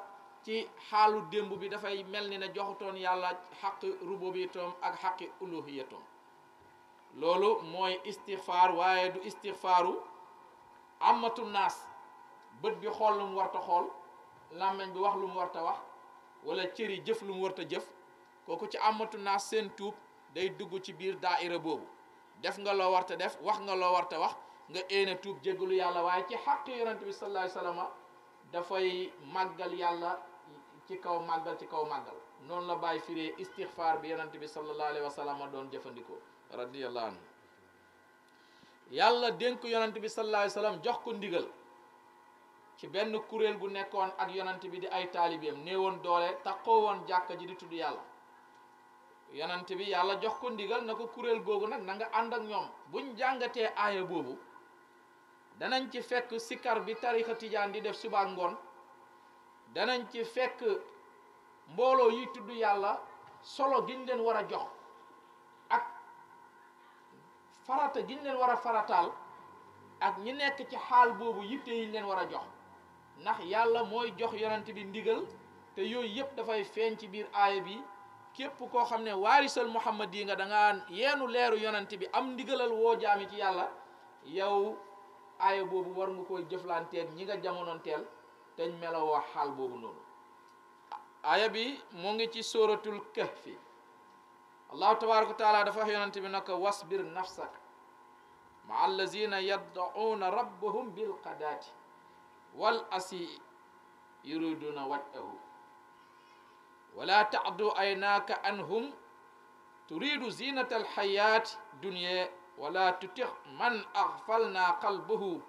ci xaalu démb bi dafay mel ni ne joxutoon yàlla xaqi rububiyyatoom ak xaqi uluhiyyatoom loolu mooy istixfaar waaye du istixfaaru amatu naas bët bi xool lu mu warta xool làmmiñ bi wax lu mu warta wax wala cër jëf lu mu warta jëf kooku ci amatu naas seen tuub day dugg ci biir daaira boobu def nga loo warta def wax nga loo warta wax nga éene tuub jégalu yàlla waaye ci xàq yonent bi sallallahu alayhi dafay màggal yàlla ci kaw màggal ci kaw màggal noonu la bàyyi firee istixfaar bi yonent bi sallallahu alayhi wasallam doon jëfandikoo radiyallahu anhu yalla denk yonent bi sallallahu alayhi wasallam jox ko ndigal ci benn kurel gu nekkoon ak yonent bi di ay talibem néewoon doole takkoo won jakka ji di tudd yalla yonent bi yalla jox ko ndigal nako kurel gogu nak nga and ak ñom buñ jangate aya bobu danañ ci fekk sikar bi tariikha tijaan di def suba ngon danañ ci fekk mbolo yi tudd yalla solo giñ leen wara jox farata gi ñu leen war a farataal ak ñi nekk ci xaal boobu yitte yi ñu leen war a jox ndax yàlla mooy jox yonant bi ndigal te yooyu yépp dafay feeñ ci biir aaya bi képp koo xam ne waarisal muhammad yi nga danga yeenu leeru yonant bi am ndigalal woo jaami ci yàlla yow aaya boobu war nga koo jëflanteeg ñi nga jamononteel teñ melowoo xaal boobu noonu aaya bi mu ngi ci sóoratul kahfi الله تبارك وتعالى دفعه ينتي منك واسبر نفسك مع الذين يدعون ربهم بالقدات والأسي يريدون وجهه ولا تعدو أيناك أنهم تريد زينة الحياة الدنيا ولا تطح من أغفلنا قلبه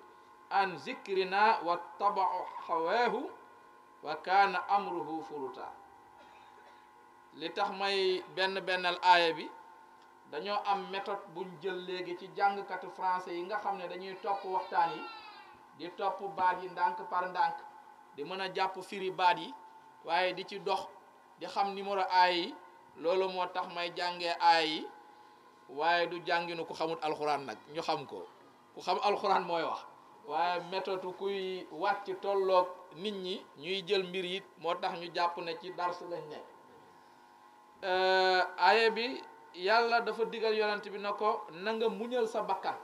عن ذكرنا واتبع هواه وكان أمره فرطاً li tax may benn bennal aaya bi dañoo am méthode buñ jël léegi ci jàngkatu français yi nga xam ne dañuy topp waxtaan yi di topp baat yi ndànk par ndànk di mën a jàpp firi baat yi waaye di ci dox di xam numéro aaya yi loolu moo tax may jàngee aaya yi waaye du jànginu ku xamul alxuraan nag ñu xam ko ku xam alxuraan mooy wax waaye méthode kuy wàcc tollook nit ñi ñuy jël mbir yi moo tax ñu jàpp na ci darsu lañ nekk Euh, aaya bi yàlla dafa digal yonent bi na ko nanga nga muñal sa bakkan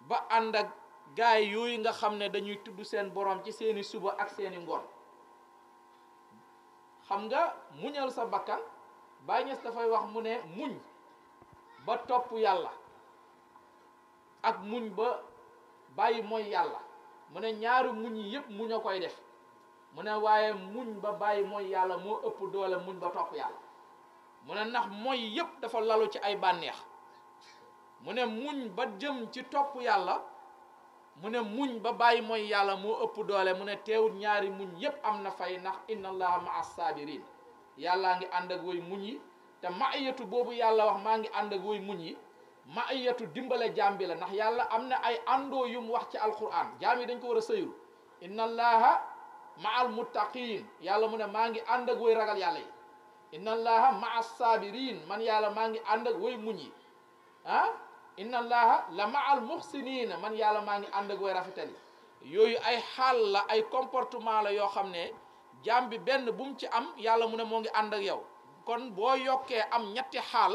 ba ànd ak gaay yooyu nga xam ne dañuy tudd seen boroom ci seeni suba ak seeni ngoon xam nga muñal sa bakkan Baay Ñas dafay wax mu ne muñ ba topp yàlla ak muñ ba bàyyi mooy yàlla mu ne ñaari muñ yi yépp muñ koy def mu ne waaye muñ ba bàyyi mooy yàlla moo ëpp doole muñ ba topp yàlla mu ne nax mooy yépp dafa lalu ci ay bànneex mu ne muñ ba jëm ci topp yàlla mu ne muñ ba bàyyi mooy yàlla moo ëpp doole mu ne teewut ñaari muñ yépp am na fay ndax inna allaha maa saabiriin yàllaa ngi ànd ak woy muñ yi te maayatu boobu yàlla wax maa ngi ànd ak woy muñ yi maayatu dimbale jaam bi la ndax yàlla am na ay àndoo yum wax ci alquran jaam yi dañ ko war a sëyul inna maal muttaqin yàlla mu ne maa ngi ànd ak way ragal yàlla yi inna allaha maa sabirin man yàlla maa ngi ànd ak woy muñ yi ah inna allaha la maal muxsinina man yàlla maa ngi ànd ak way rafetal yooyu ay xaal la ay comportement la yoo xam ne jaam bi benn bu mu ci am yàlla mu ne moo ngi ànd ak yow kon boo yokkee am ñetti xaal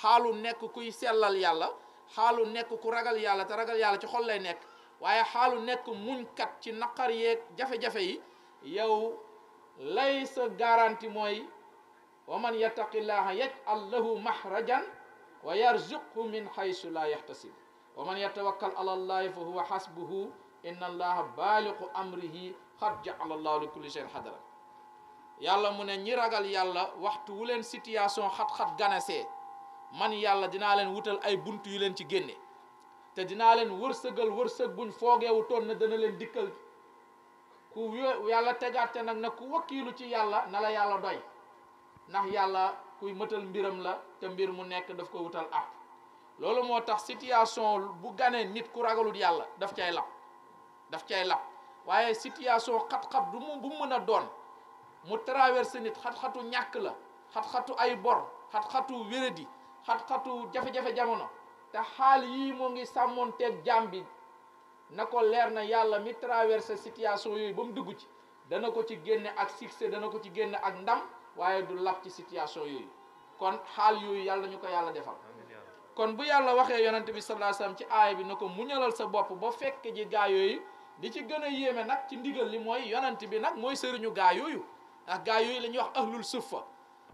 xaalu nekk kuy sellal yàlla xaalu nekk ku ragal yàlla te ragal yàlla ci xol lay nekk waaye xaalu nekk muñkat ci naqar yeeg yi yow lay sa موي mooy wa man yattaqillaha yaj'al lahu mahrajan wa yarzuqhu min haysu la yahtasib wa man yatawakkal ala allahi fa huwa hasbuhu inna allaha baaliqu amrihi xat ja'ala allahu li kulli shay'in xadara yàlla mu ne ñi ragal yàlla waxtu wu leen situation xat-xat ganasee man yàlla dinaa leen wutal ay bunt yu leen ci génne te dina len wërsëgal wërsëg buñ wu ton na dana len dikkal ku yàlla tegaate nag na ku wakkiilu ci yàlla na la yàlla doy ndax yàlla kuy mëtal mbiram la te mbir mu nekk daf ko wutal àpp loolu moo tax situation bu ganee nit ku ragalul yàlla daf cay lab daf cay lab waaye situation xat-xat du mu bu mën a doon mu traversé nit xat-xatu ñàkk la xat-xatu ay bor xat-xatu wéradi xat-xatu jafe-jafe jamono te xaal yii mu ngi sàmmoon teeg jaam bi na ko leer na yàlla mi traversé situation yooyu ba mu dugg ci dana ko ci génne ak succès dana ko ci génne ak ndam waaye du lab ci situation yooyu kon xaal yooyu yàlla ñu ko yàlla defal kon bu yàlla waxee yonante bi sallallahu alayhi wasallam ci aaya bi na ko muñalal sa bopp ba fekk ji gaa yooyu di ci gën a yéeme nag ci ndigal li mooy yonante bi nag mooy sëriñu gaa yooyu ndax gaa yooyu la ñuy wax ahlul suffa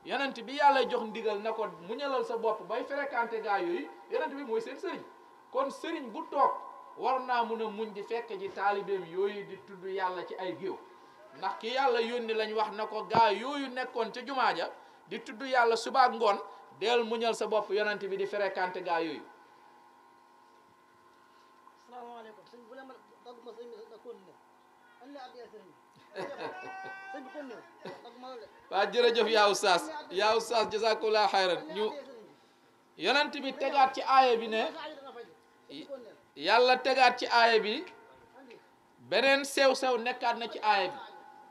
yonante bi yàlla jox ndigal na ko muñalal sa bopp bay fréquenté gaa yooyu yonante bi mooy seen sëriñ kon sëriñ bu toog war naa mun a muñ di fekk ji taalibeem yooyu di tudd yàlla ci ay géew ndax ki yàlla yónni lañ wax na ko gaa yooyu nekkoon ca jumaa ja di tudd yàlla suba ngoon del muñal sa bopp yonent bi di fréquenté gaa yooyu. asalaamaaleykum sëñ bu la ma dagguma sëñ bi continué an la addiya sëñ bi bi continué dagguma ñu yonent bi tegaat ci aaya bi ne yàlla tegaat ci aaya bi beneen sew sew nekkaat na ci aaya bi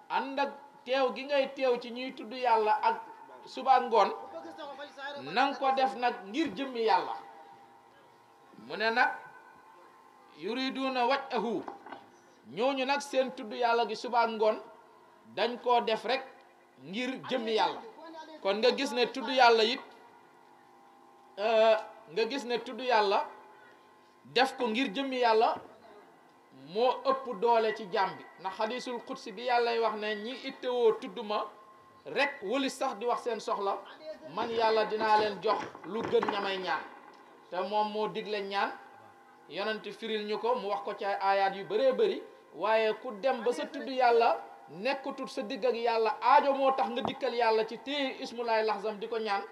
ànd ak teew gi ngay teew ci ñuy tudd yàlla ak suba ak ngoon nanga ko def nag ngir jëmmi yàlla mu ne nag na yuriduna wajhahu ñooñu nag seen tudd yàlla gi suba ngoon dañ koo def rek ngir jëmmi yàlla kon nga gis ne tudd yàlla yit euh, nga gis ne tudd yàlla def ko ngir jëmm yàlla moo ëpp doole ci jaam bi ndax xadisul xudsi bi yàllay wax ne ñi ittewoo tudd ma rek wëli sax di wax seen soxla man yàlla dinaa leen jox lu gën ñamay ñaan te moom moo digle ñaan yonent firil ñu ko mu wax ko ci aayaat yu bëree bari waaye ku dem ba sa tudd yàlla nekkatul sa digg ak yàlla aajo moo tax nga dikkal yàlla ci téye ismulaay laxzam di ko ñaan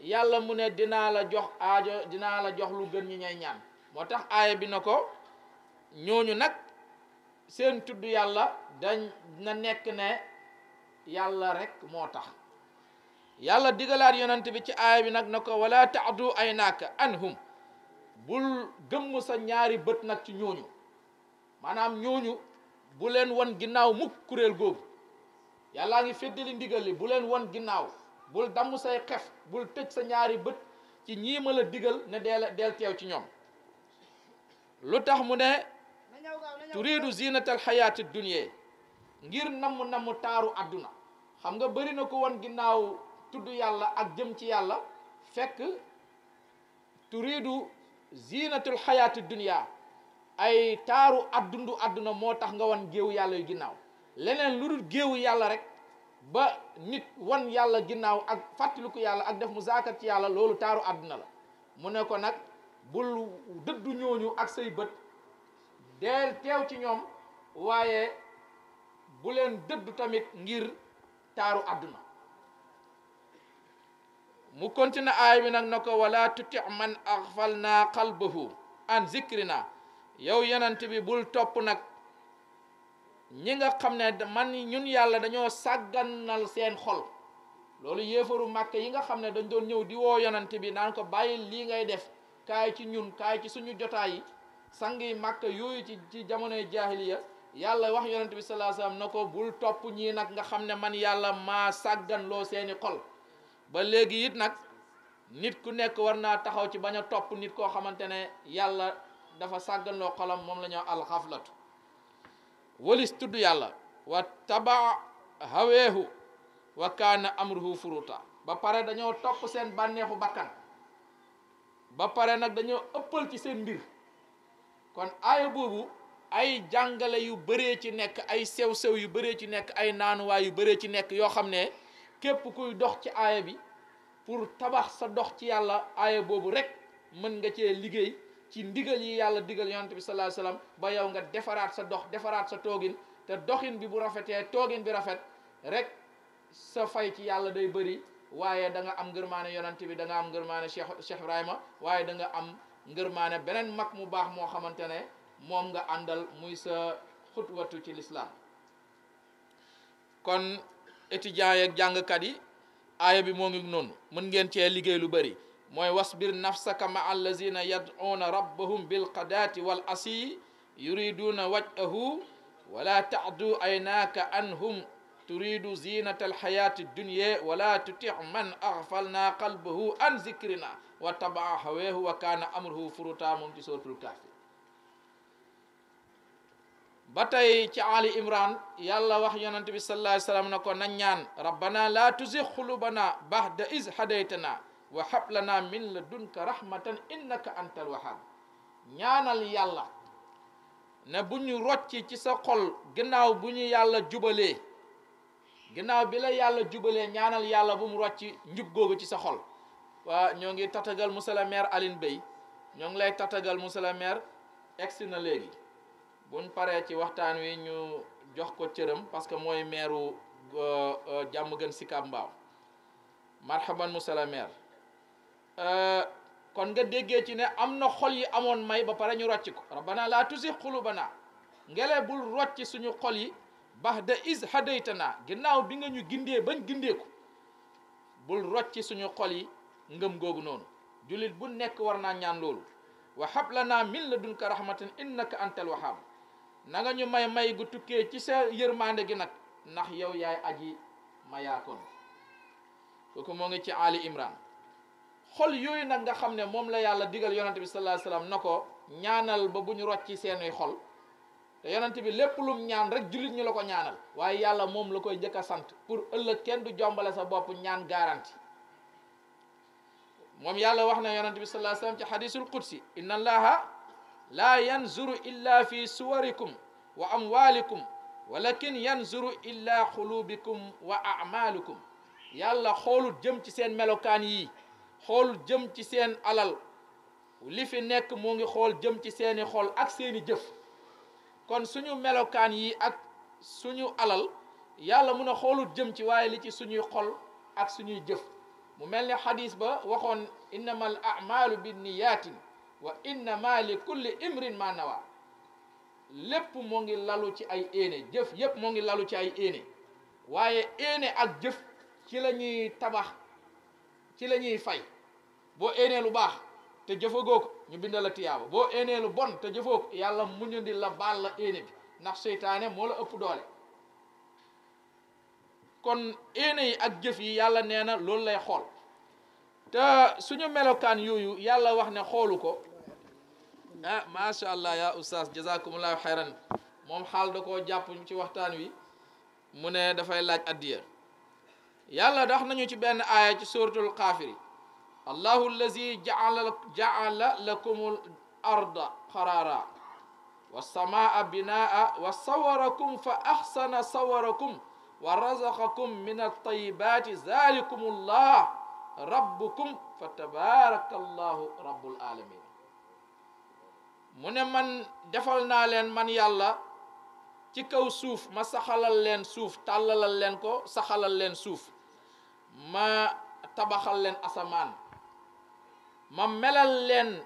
yàlla mu ne dinaa la jox aajo dinaa la jox lu gën ñi ñay ñaan moo tax aaya bi na ko ñooñu nag seen tudd yàlla dañ nekk ne yàlla rekk moo tax yàlla digalaat yonent bi ci aaya bi nag na ko wala taadu ay naaka anhum bul gëmm sa ñaari bët nag ci ñooñu maanaam ñooñu bu leen won ginnaaw mukk kuréel googu yàllaa ngi feddali ndigal li bu leen won ginnaaw bul damm say xef bul tëj sa ñaari bët ci ñii la digal na deel deel teew ci ñoom lu tax mu ne turiidu zinata alxayaati dunya ngir namm namm taaru àdduna xam nga bëri na ko woon ginnaaw tudd yàlla ak jëm ci yàlla fekk turiidu zinatul xayaatu dunya ay taaru addundu àdduna moo tax nga wan géewu yàlla yu ginnaaw leneen lu dul géewu yàlla rek ba nit wan yàlla ginnaaw ak fàttaliku yàlla ak def mu zaakar ci yàlla loolu taaru àdduna la mu ne ko nag bul dëddu ñooñu ak say bët deel teew ci ñoom waaye buleen leen dëddu tamit ngir taaru àdduna mu continue aay bi nag na ko wala tuti man axfal naa qalbahu an zikrina yow yenant bi bul topp nag ñi nga xam ne man ñun yàlla dañoo sàgganal seen xol loolu yéefaru màkk yi nga xam ne dañ doon ñëw di woo yonante bi naan ko bàyyi lii ngay def kaay ci ñun kaay ci suñu jotaay yi sang yi màkk yooyu ci ci jamonoy jaahiliya yàlla wax yonante bi salaa salaam na ko bul topp ñii nag nga xam ne man yàlla maa sàgganloo seeni xol ba léegi it nag nit ku nekk war naa taxaw ci bañ a topp nit koo xamante ne yàlla dafa sàgganloo xolam moom la ñoo alxaflatu walis tudd yàlla wa taba haweehu wa kaana amruhu furuta ba pare dañoo toq seen bànneexu bakkan ba pare nag dañoo ëppal ci seen mbir kon aaya boobu ay jàngale yu bëree ci nekk ay sew-sew yu bëree ci nekk ay naanuwaay yu bëree ci nekk yoo xam ne képp kuy dox ci aaya bi pour tabax sa dox ci yàlla aaya boobu rek mën nga cee liggéey ci ndigal yi yàlla digal yonante bi sallallahu alayhi wasallam ba yow nga defaraat sa dox defaraat sa toogin te doxin bi bu rafetee toogin bi rafet rek sa fay ci yàlla day bëri waaye da nga am ngërmaane yonent bi da nga am ngërmaane Cheikh Cheikh Ibrahima waaye da nga am ngërmaane beneen mag mu baax moo xamante ne moom nga àndal muy sa xutwatu ci lislaam kon étudiants yeeg jàngkat yi aaya bi moo ngi noonu mën ngeen cee liggéey lu bëri mooy wasbir nafsaka ma allazina yad'una rabbahum bilqadaati wal asii yuriduuna wajhahu wala taadu aynaaka anhum turidu zinata alxayaati dunya wala tuti man axfalna qalbahu an zikrina wa tabaa haweehu wa kana amruhu furuta moom ci suratul kaafi ba ci ali imran yàlla wax yonente bi sallallahu alayhi wasallam na ko rabbana la tuzigh qulubana ba'da iz hadaytana wa hablana min ladunka rahmatan innaka antal wahhab ñaanal yàlla ne bu ñu rocci ci sa xol ginnaaw bu ñu yàlla jubalee ginnaaw bi la yàlla jubalee ñaanal yàlla bu mu rocci njub googu ci sa xol waa ñoo ngi tatagal monsieur le maire Bey ñoo ngi lay tatagal monsieur le maire egsi na léegi buñ paree ci waxtaan wi ñu jox ko cëram parce que mooy maireu jàmm euh, euh, gën Sicap Mbao marhaban monsieur le kon nga déggee ci ne am na xol yi amoon may ba pare ñu rocc ko banaa laa tusi xulubana ngele bul rocc suñu xol yi bax da is hadaytana ginnaaw bi nga ñu gindee bañ gindee ko bul rocc suñu xol yi ngëm googu noonu jullit bu nekk war naa ñaan loolu wa hablana min ladunka rahmatan innaka antal wahhab na nanga ñu may may gu tukkee ci sa yërmande gi nag ndax yow yaay aji mayaakoon kooku moo ngi ci Ali Imran xol yooyu nag nga xam ne moom la yàlla digal yonante bi sallallahu alayhi wasallam na ko ñaanal ba bu ñu rocc ci seenuy xol te yonante bi lépp lum ñaan rek jullit ñu la ko ñaanal waaye yàlla moom la koy njëkk a sant pour ëllëg kenn du jombale sa bopp ñaan garanti moom yàlla wax na yonante bi sallallahu alayhi wasallam ci xadisul qudsi inna allaha la yanzuru illa fi suwarikum wa amwalikum walakin yanzuru illa qulubikum wa a'malukum yàlla xoolut jëm ci seen melokaan yii xool jëm ci seen alal li fi nekk mu ngi xool jëm ci seeni xol ak seeni jëf kon suñu melokaan yi ak suñu alal yàlla mun a xoolut jëm ci waaye li ci suñuy xol ak suñuy jëf mu mel ni xadiis ba waxoon innama al amalu bi niyaatin wa innama li kulli imrin ma nawa lépp mu ngi lalu ci ay éene jëf yépp mu ngi lalu ci ay éene waaye éene ak jëf ci lañuy tabax ci la ñuy fay boo eenee lu baax te jëfagoo ko ñu bind la tiyaaba boo eenee lu bon te jëfoo ko yàlla di la baal la éene bi ndax seytaane moo la ëpp doole kon éene yi ak jëf yi yàlla nee na loolu lay xool te suñu melokaan yooyu yàlla wax ne xoolu ko ah macha allah yaa oustaz jazakumullahu xayran moom xaal da koo jàpp ci waxtaan wi mu ne dafay laaj addiya yàlla dox nañu ci benn aaya ci suratul kaafiri الله الذي جعل جعل لكم الأرض قرارا والسماء بناء وصوركم فأحسن صوركم ورزقكم من الطيبات ذلكم الله ربكم فتبارك الله رب العالمين من من دفلنا لين من يلا ci kaw suuf ma saxalal leen suuf tàllalal leen ko saxalal leen suuf ma tabaxal leen asamaan ma melal leen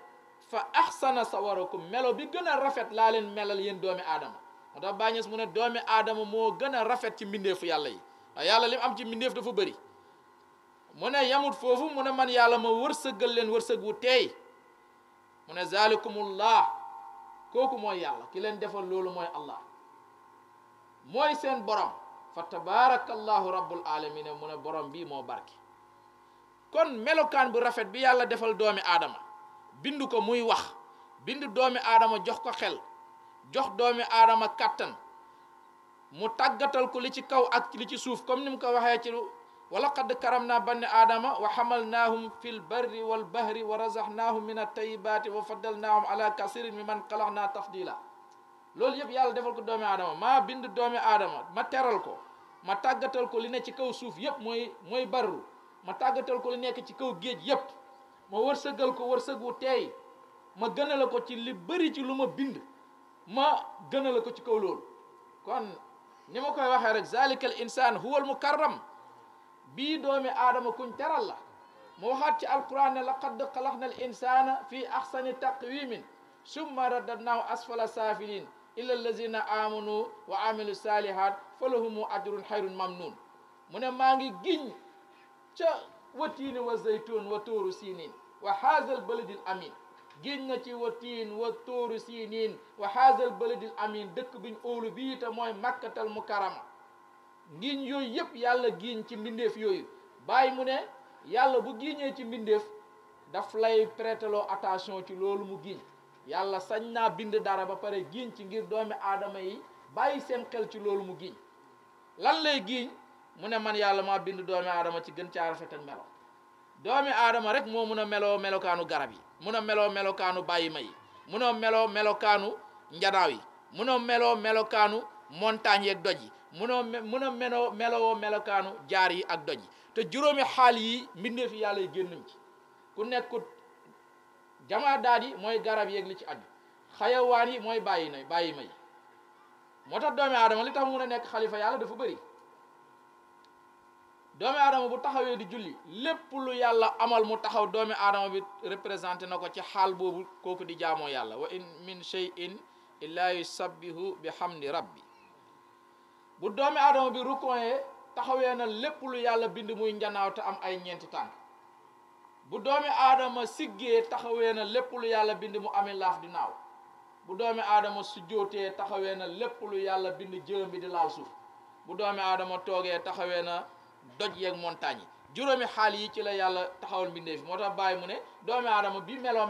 fa axsana sawarakum melo bi gën a rafet laa leen melal yéen doomi aadama moo tax bàññees mu ne doomi aadama moo gën a rafet ci mbindeefu yàlla yi waaye yàlla li am ci mbindeef dafa bari mu ne yamut foofu mu ne man yàlla ma wërsëgal leen wërsëg wu teey mu ne zalikumullah kooku moo yàlla ki leen defal loolu mooy allah mooy seen borom fa tabaarakallahu rabbul alamina mu ne borom bi moo barke kon melokaan bu rafet bi yàlla defal doomi aadama bindu ko muy wax bind doomi aadama jox ko xel jox doomi aadama kàttan mu tàggatal ko li ci kaw ak li ci suuf comme ni mu ko waxee ci wala qad karam naa banni aadama wa xamalnaahum fi lbarri wa razaxnaahum min altayibaati wa faddalnaahum ala kasirin mi man tafdila loolu yëpp yàlla defal ko doomi aadama maa bind doomi aadama ma teral ko ma tàggatal ko li ne ci kaw suuf yëpp mooy mooy barru ma tàggatal ko li nekk ci kaw géej yépp ma sëggal ko war wërsëgu teey ma gënale ko ci li bëri ci lu ma bind ma gënale ko ci kaw loolu kon ni ma koy waxee rek zalikal insaan huwal mukarram bii doomi aadama kuñ teral la mu waxaat ci alquran ne laqad xalaqna al insana fi axsani taqwimin summa raddadnaahu asfala saafilin illa allazina amanu wa amilu salihat falahumu ajrun xayrun mamnun mu ne maa ngi giñ ca wa tiini wa zaytun wa tuuru sinin wa haazal baladil amin na ci wa tiin wa tuuru sinin wa haazal baladil amin dëkk biñ óolu bii te mooy makkatal mukarama ngiñ yooyu yëpp yàlla giiñ ci mbindeef yooyu bàyyi mu ne yàlla bu giiñee ci mbindeef daf lay prêteloo attention ci loolu mu giiñ yàlla sañ naa bind dara ba pare giiñ ci ngir doomi aadama yi bàyyi seen xel ci loolu mu giiñ lan lay giiñ mu ne man yàlla maa bind doomi aadama ci gën caa rafet ak melo doomi aadama rek moo mën a meloo melokaanu garab yi mun a meloo melokaanu bàyyi ma yi mun melokaanu njanaaw yi mun a meloo melokaanu montagne yeeg doj yi munoo a meloo meloo melokaanu jaar yi ak doj yi te juróomi xaal yi mbindeef yi yàlla yi génnuñ ci ku nekkut jamaa daat yi mooy garab yeeg li ci aju xayawaan yi mooy bàyyi na bàyyi ma moo tax doomi aadama li tax mun a nekk xalifa yàlla dafa bëri doomi aadama bu taxawee di julli lépp lu yàlla amal mu taxaw doomi aadama bi représenté na ko ci xaal boobu kooku di jaamoo yàlla wa in min in illaa yusabbihu bi xam hamdi rabbi bu doomi aadama bi rukoyee taxawee na lépp lu yàlla bind muy njanaaw te am ay ñeenti tànk bu doomi aadama siggee taxawee na lépp lu yàlla bind mu amee laaf di naaw bu doomi aadama sujjootee taxawee na lépp lu yàlla bind jëm bi di laal suuf bu doomi aadama toogee taxawee doj yeeg montagne yi juróomi xaal yi ci la yàlla taxawal mbindeef moo tax bàyyi mu ne doomi aadama bi meloom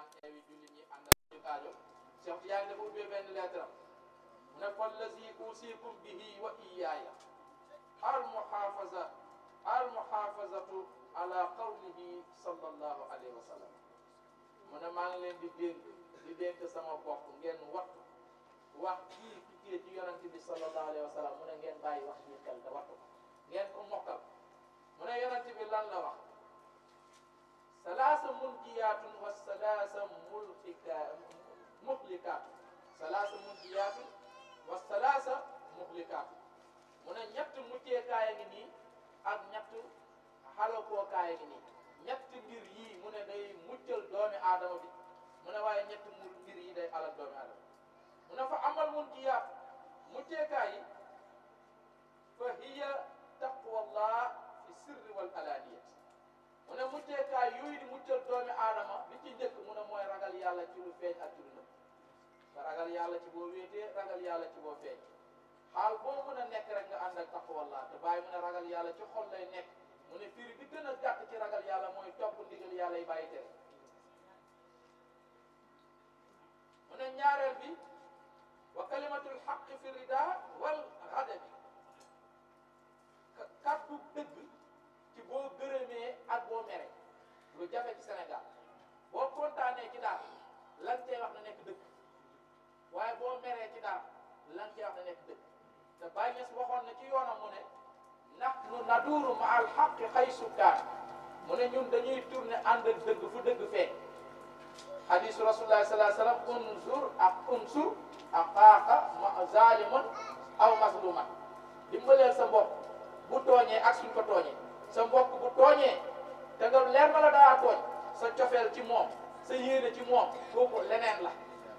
ñaan eewi jullit ñi ànd ak suñu aajo Cheikh Tidiane dafa ubbee benn lettre am mu ne fa lazi usikum bihi wa iyaaya al muhafaza al muhafazatu ala qawlihi sallallahu alayhi wa sallam mu ne maa ngi leen di dénk di dénk sama bopp ngeen wattu wax kii kii ci yonent bi sallallahu alayhi wa sallam mu ne ngeen bàyyi wax yi xel te wattu ngeen ko mokkal mu ne yonent bi lan la wax salaasa munjiyaatun wa salaasa mulxika muxlikaatun salaasa munjiyaatun wa salaasa muxlikaatun mu ne ñett mucceekaay ngi nii ak ñett xalakookaay ngi nii ñett mbir yii mu day muccal doomi aadama bi mu waaye ñett mbir yi day alal doomi aadama mu fa amal munjiyaat mucceekaay yi luy di muccal doomi aadama li ci njëkk mu ne mooy ragal yàlla ci lu feeñ ak ci lu nëbb ragal yàlla ci boo wéetee ragal yàlla ci a nekk rek nga ci xol lay nekk mu ne firi bi gën a gàtt ci ragal yàlla mooy topp ndigal yàlla yi bàyyi tere mu ne ñaareel bi wa kalimatul xaq fi rida wal xadabi kàddu dëgg ci boo gërëmee ak boo mere lu jafe ci Sénégal boo kontaanee ci daal lan cey wax na nekk dëkk waaye boo meree ci daal lan cey wax na nekk dëkk te Baye Niass waxoon na ci yoonam mu ne nahnu naduuru ma al xaqi xaysu kaan mu ne ñun dañuy tourné ànd ak dëgg fu dëgg fee hadisu rasulullah sallallahu alayhi wa sallam unsur ak unsur axaaka ma zalimun aw mazluman dimbaleel sa mbokk bu tooñee ak suñ ko tooñee sa mbokk bu tooñee te nga leer na la daa tooñ sa cofeel ci moom sa yéene ci moom kooku leneen la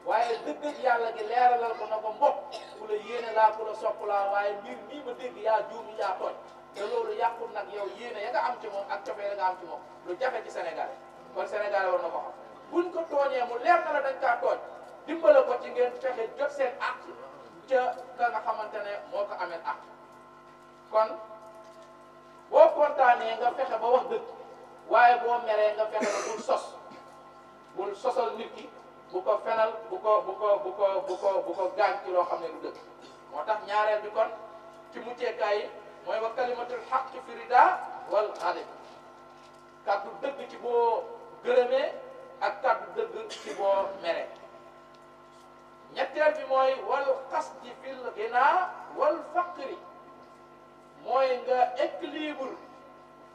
waaye dëgg yàlla gi leeralal ko na ko mbokk ku la yéene laa ku la sopp laa waaye mbir mii ma dégg yaa juum yaa tooñ te loolu yàqul nag yow yéene ya nga am ci moom ak cofeel ya nga am ci moom lu jafe ci Sénégal kon Sénégal war na ko xam buñ ko tooñee mu leer na la dañ kaa tooñ dimbale ko ci ngeen fexe jot seen àq ca ka nga xamante ne moo ko amee àq kon boo kontaanee nga fexe ba wax waaye boo meree nga fexe na bul sos bul sosal nit ki bu ko fenal bu ko bu ko bu ko bu ko gaañ ci loo xam ne du dëgg moo tax ñaareel bi kon ci mucceekaay yi mooy wa kalimatul xaq fi rida wal xadib kàddu dëgg ci boo gërëmee ak kàddu dëgg ci boo meree ñetteel bi mooy wal qasdi fil ginaa wal faqri mooy nga équilibre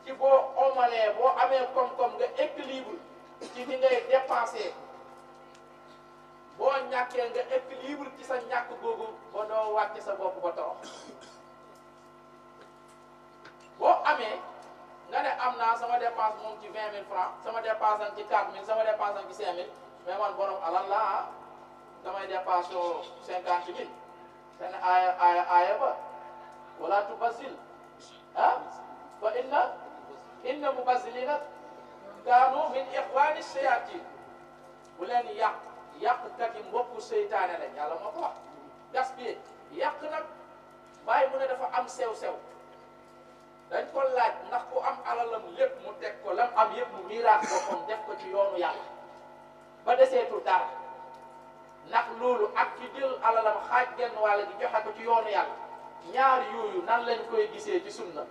ci boo omalee boo amee koom-koom nga équilibre ci ni ngay dépensé boo ñàkkee nga équilibre ci sa ñàkk googu ba doo wàcc sa bopp ba torox boo amee nga ne am naa sama dépense moom ci vingt mille francs sama dépense ci quatre mille sama dépense am ci cinq mille mais man borom alal laa damay dépense oo mille seen aaya aaya aaya ba wala tubasil ah ba inna inna mubazzirina kaanu min ixwaani sayaatin bu leen yàq yàqkat yi mbokku seytaane lañ yàlla moo ko wax gaspillé yàq nag bàyyi mu ne dafa am sew-sew dañ ko laaj ndax ku am alalam lépp mu teg ko lan am yëpp mu miiraat boppam def ko ci yoonu yàlla ba deseetul dara ndax loolu ak ci jël alalam xaaj genn wàll gi joxe ko ci yoonu yàlla ñaar yooyu nan lañ koy gisee ci sunna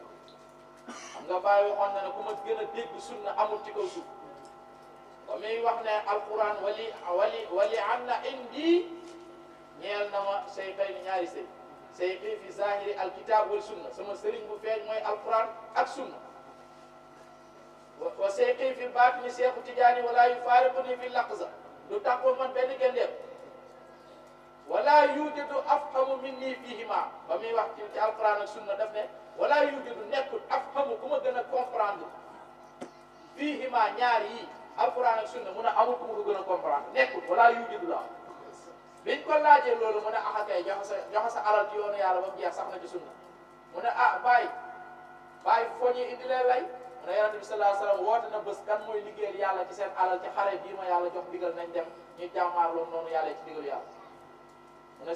nga bàyyi waxoon na ne ku ma gën a dégg sunna amul ci kaw suuf ba muy wax ne alquran wali wali wali am na indi ñeel na ma say xëy ni ñaari sëy say xii fi zahiri alkitab wal sunna sama sëriñ bu feeñ mooy alquran ak sunna wa say xii fi baat ni seexu tijaani wala yu faariqu ni fi laqza du tàqoo man benn gendeem wala yujadu afqamu min nii fihima ba muy wax ci alquran ak sunna daf ne wala yujudu nekkul af xamu ku ma gën a comprendre fii himaa ñaar yi alquran ak sunna mun a amul ku ma ko gën a comprendre nekkul wala yujudu la biñ ko laajee loolu mu ne ah kay joxe sa alal ci yoonu yàlla ba mu jeex sax na ci sunna mu ne ah bàyyi bàyyi foo ñuy indi leen lay mu ne yonente bi sallallahu alayhi wasallam woote na bës kan mooy liggéeyal yàlla ci seen alal ci xare bii ma yàlla jox ndigal nañ dem ñu jàmmaar loolu noonu yàlla ci ndigal yàlla mu ne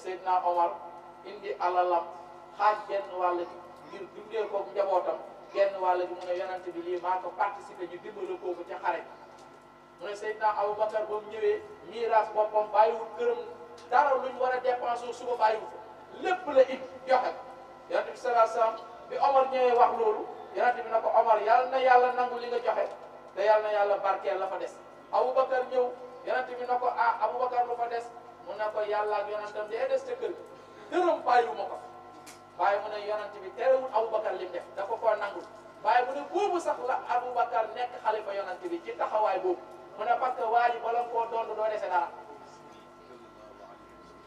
Seydina ngir dundee ko njabootam genn wàll gi mu ne yonent bi lii maa ko participé ñu dimbale kooku ca xare mu ne Seydina Aboubacar ba mu ñëwee miiras boppam bàyyiwul këram dara luñ war a dépensé suba bàyyiwu ko lépp la it joxe yonent bi salaa salaam bi Omar ñëwee wax bi na ko Omar yàlla na yàlla nangu li nga joxe te yàlla na yàlla barkeel la fa des Aboubacar ñëw yonent bi na ko ah Aboubacar lu fa des mu ne ko ak yonentam de des ca kër dërëm bàyyiwu ma bàyyi mu ne yonent bi terewul Aboubacar lim def da ko koo nangul bàyyi mu ne boobu sax la Aboubacar nekk xalifa yonent bi ci taxawaay boobu mu ne parce que waa ji bala koo doon doo dese dara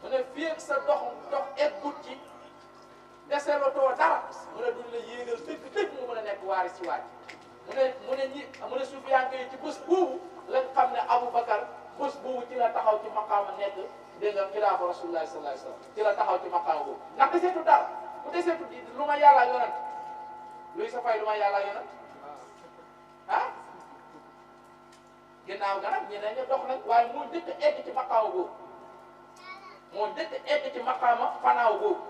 mu ne fii ak sa dox dox eggut ci deselatoo dara mu ne duñ la yéegal dëgg dëgg mu mën a nekk waari si waaj mu ne mu ne ñi mu ne sufiyanke yi ci bés boobu lañ xam ne Aboubacar bés ci la taxaw ci maqaama nekk dégg nga xilaafa rasulullahi sallallahu alayhi wasallam ci la taxaw ci maqaama boobu ndax deseetu dara bu desee lu ma yàlla yonat luy sa fay lu ma yàlla yonat ah ginnaaw ga nag ñeneen waaye moo dëkk egg ci maqaaw boobu moo dëkk egg ci maqaama fanaaw boobu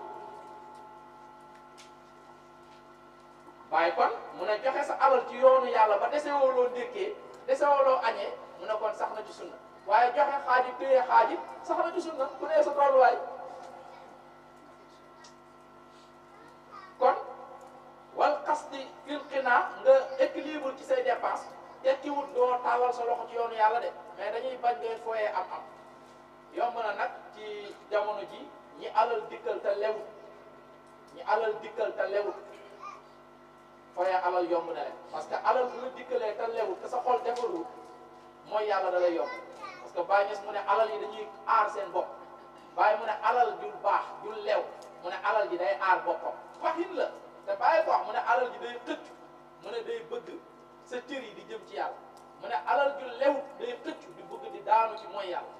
waaye kon mun a joxe sa alal ci yoonu yàlla ba dese woo loo dékkee dese woo loo añee mun a kon sax na ci sunna waaye joxe xaajib téye xaajib sax na ci sunna ku ne sa tolluwaay wal qasdi fil qina nga equilibre ci say dépenses tekki wut do tawal sa loxo ci yoonu yalla de mais dañuy bañ ngay fooyee am am yomb na nak ci jamono ji ñi alal dikkal ta lew ñi alal dikkal ta lew fooyee alal yomb na leen parce que alal bu la ta lew lewut te sa xol defalu mooy yàlla da lay yomb parce que bàyyi ñes mu ne alal yi dañuy ar seen bop bàyyi mu ne alal jul baax jul lew mu ne alal ji day ar bopam waxin la te bàyyi ko wax ne alal ji day xëcc mu ne day bëgg sa cër yi di jëm ci yàlla mu ne alal ju lew day xëcc di bëgg di daanu ci mooy yàlla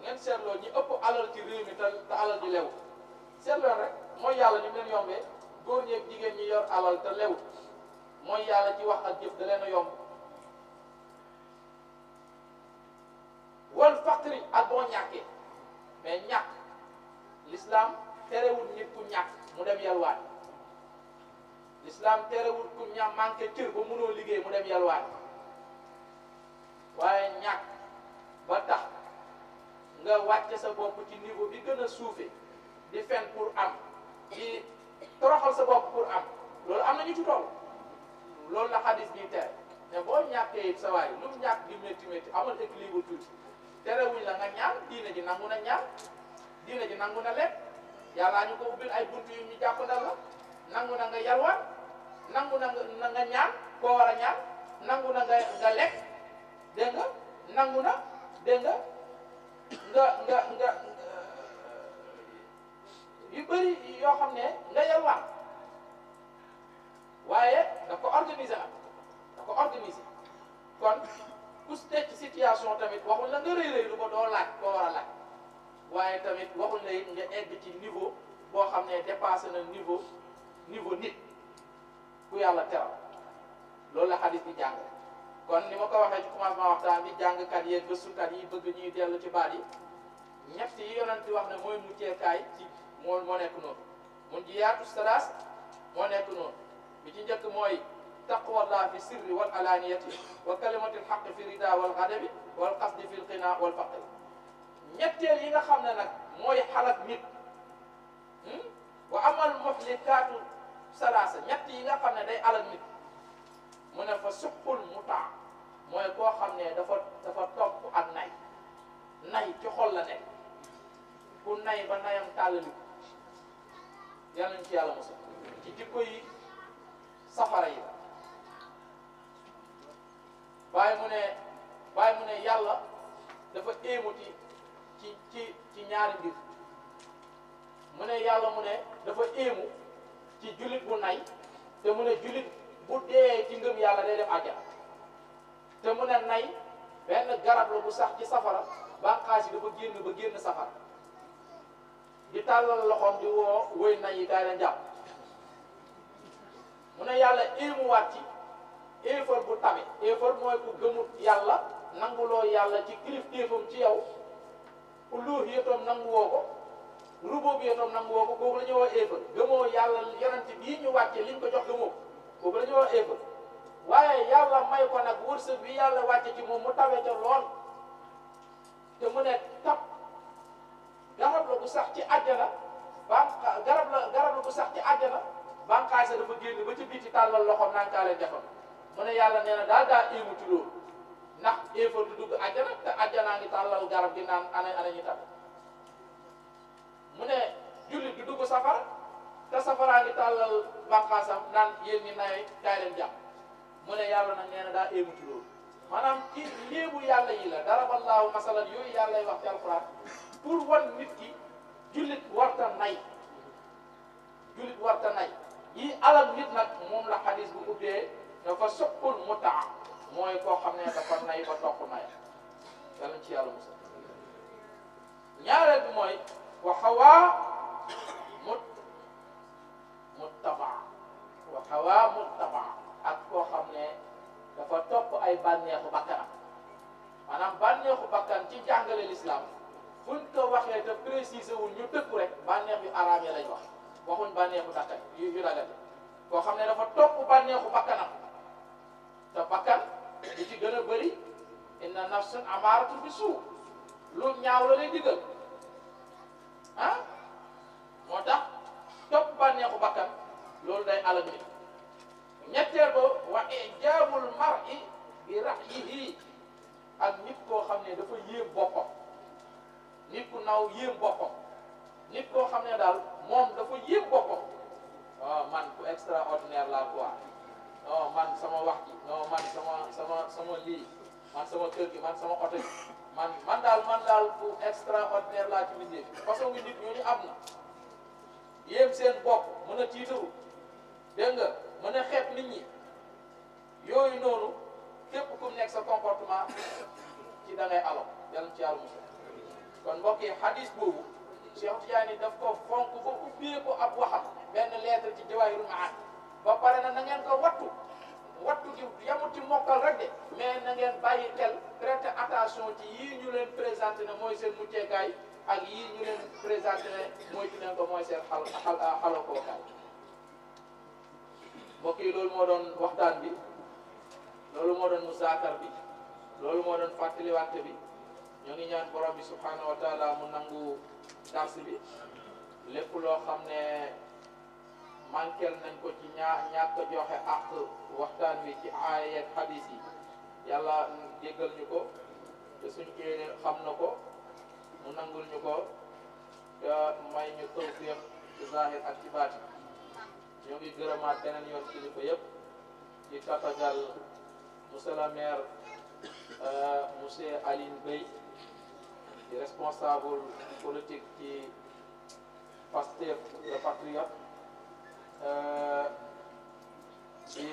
ngeen seetloo ñi ëpp alal ci réew mi te te alal ji lew seetloo rek mooy yàlla ñu leen yombee góor ñeeg jigéen ñi yor alal te lew mooy yàlla ci wax ak jëf da leen a yomb wal faqri ak boo ñàkkee mais ñàkk l'islam wut nit ku ñàkk mu dem yalwaan lislaam terewul ku ña manqué cër ba mënoo liggéey mu dem yalwaan waaye ñàkk ba tax nga wàcce sa bopp ci niveau bi gën a suufe di fen am di toroxal sa bopp pour am loolu am na ñu ci toll loolu la xadis bi tere mais boo ñàkkee it sa waay lu mu ñàkk di métti métti amal équilibre tuuti terewuñ la nga ñaan a ji nangu na ñaan diine ji nangu na lekk yàllaa ñu ko ubbil ay buntu yu ñu jàpp ndal la nangu na nga yalwaan nangu na nga ñaan koo war a ñaan nangu na nga nga lekk dégg nangu na dégg nga nga nga nga yu bëri yoo xam ne nga yalwaan waaye daf ko organise nag daf ko organiser kon ku nekk ci tamit waxul la nga rëy rëy lu ko doo laaj koo war a laaj waaye tamit waxul na it nga egg ci niveau boo xam ne dépassé na niveau niveau nit ku yàlla teral loolu la xadis bi jàng kon ni ma ko waxee ci commencement waxtaan bi jàngkat yeeg gëstukat yi bëgg ñuy dellu ci baat yi ñett yi yonent wax ne mooy mucceekaay ci moo moo nekk noonu mun ji yaatu salaas moo nekk noonu bi ci njëkk mooy taqwallah fi sirri wal alaniyati wa kalimatil xaq fi rida wal xadabi wal qasdi fi lqina wal faqri ñetteel yi nga xam ne nag mooy xalak nit hmm? wa amal muhlikaatu salaasa ñett yi nga xam ne day alal nit mu ne fa suqul mutaa mooy koo xam ne dafa dafa topp ak nay nay ci xol la ne ku nay ba nayam tàllali yàlla ñu ci yàlla mosal ci jikko yi safara yi la waaye mu ne waaye mu ne yàlla dafa éemuti ci ci ci ñaari mbir mu ne yàlla mu ne dafa éemu ci jullit bu nay te mu ne jullit bu dee ci ngëm yàlla day dem àjjana te mu ne nay benn garab la bu sax ci safara bànqaas yi dafa génn ba génn safara di tàllal loxoom di woo woy nay yi daay leen jàpp mu ne yàlla éemuwaat ci effort bu tame effort mooy ku gëmut yàlla nanguloo yàlla ci kilif téefam ci yow uluhiyatoom nangu woo ko rububiyatoom nangu woo ko kooku la ñuy woo éefal gëmoo yàlla yonent bii ñu wàcce liñ ko jox gëmoo kooku la ñuy woo éefal waaye yàlla may ko nag wërsëg bi yàlla wàcce ci moom mu tawe ca lool te mu ne tap garab la bu sax ci àjjana ban garab la garab la bu sax ci àjjana banqaay sa dafa génn ba ci biti tàllal loxoom naan kaa leen defal mu ne yàlla nee na daal daa éemu ci loolu ndax éefal du dugg àjjana naa ngi tàllal garab gi naan ana ana ñu tàkk mu ne jullit du dugg safara te safaraa ngi tàllal bànqaasam naan yéen ñi nay kaay leen mu ne yàlla nag nee na daa éemu ci maanaam ci léebu yàlla yi la dara wallaahu masalan yooyu yàlla yi wax ci alquran pour wan nit ki jullit warta nay jullit warta nay yi alal nit nag moom la xadis bu ubbee dafa soqul mutaa mooy koo xam ne dafa nay ba toq nay yàlla ci yàlla musal bi mooy wa xawaa mut muttaba wa xawaa ak koo xam ne dafa topp ay bànneexu bakkanam maanaam bànneexu bakkan ci jàngale l'islam fuñ ko waxee te préciser wul ñu dëkku rek bànneex yu araam ya lañ wax waxuñ bànneexu dakkan yu yu ragal koo xam ne dafa topp bànneexu bakkanam te bakkan li ci gën a bari inna nafsan amaaratul bi suu lu ñaaw la lay digal ah moo tax topp bànneexu bakkan loolu day alal nit ñetteel ba wa ijaabul mar'i yi ra'yihi ak nit koo xam ne dafa yéem boppam nit ku naw yéem boppam nit koo xam ne daal moom dafa yéem boppam waaw oh man ku extraordinaire la quoi non oh man sama wax ji non oh man sama sama sama lii man sama kër gi man sama auto man man dal man dal bu extraordinaire la ci mbindee façon bi nit ñooñu am na yéem seen bopp mën a tiitaru dégg nga mën a xeeb nit ñi yooyu noonu képp ku nekk sa comportement ci da ngay alo yalla ci yàlla musal kon mbokk yi hadis boobu Cheikh Tidiane daf ko fonk ba ubbee ko ab waxam benn lettre ci jawahirul Maani ba pare na na ngeen ko wattu wattu ci yemul ci mokkal rek de mais nangeen ngeen bàyyi xel prêter attention ci yii ñu leen présenté ne mooy seen mucceekaay ak yii ñu leen présenté ne mooy fi ne ko mooy seen xal xal ah, xalakookaay mbokk yi loolu moo doon waxtaan bi loolu moo doon musaakar bi loolu moo doon fàttaliwaat bi ñoo ngi ñaan borom bi subhanahu wa taala mu nangu dars bi lépp loo xam ne manquel nañ ko ci ñaa ñàkk joxe àq waxtaan wi ci aaya ak hadis yi yàlla jéggal ñu ko te suñ yéene xam na ko mu nangul ñu ko te may ñu tawfiq ci zahir ak ci baati ñoo ngi gërëmaat beneen yoon kilifa yëpp di tatagal monsieur le maire euh, monsieur Aline Bey di responsable politique ci Pastef le Patriote ci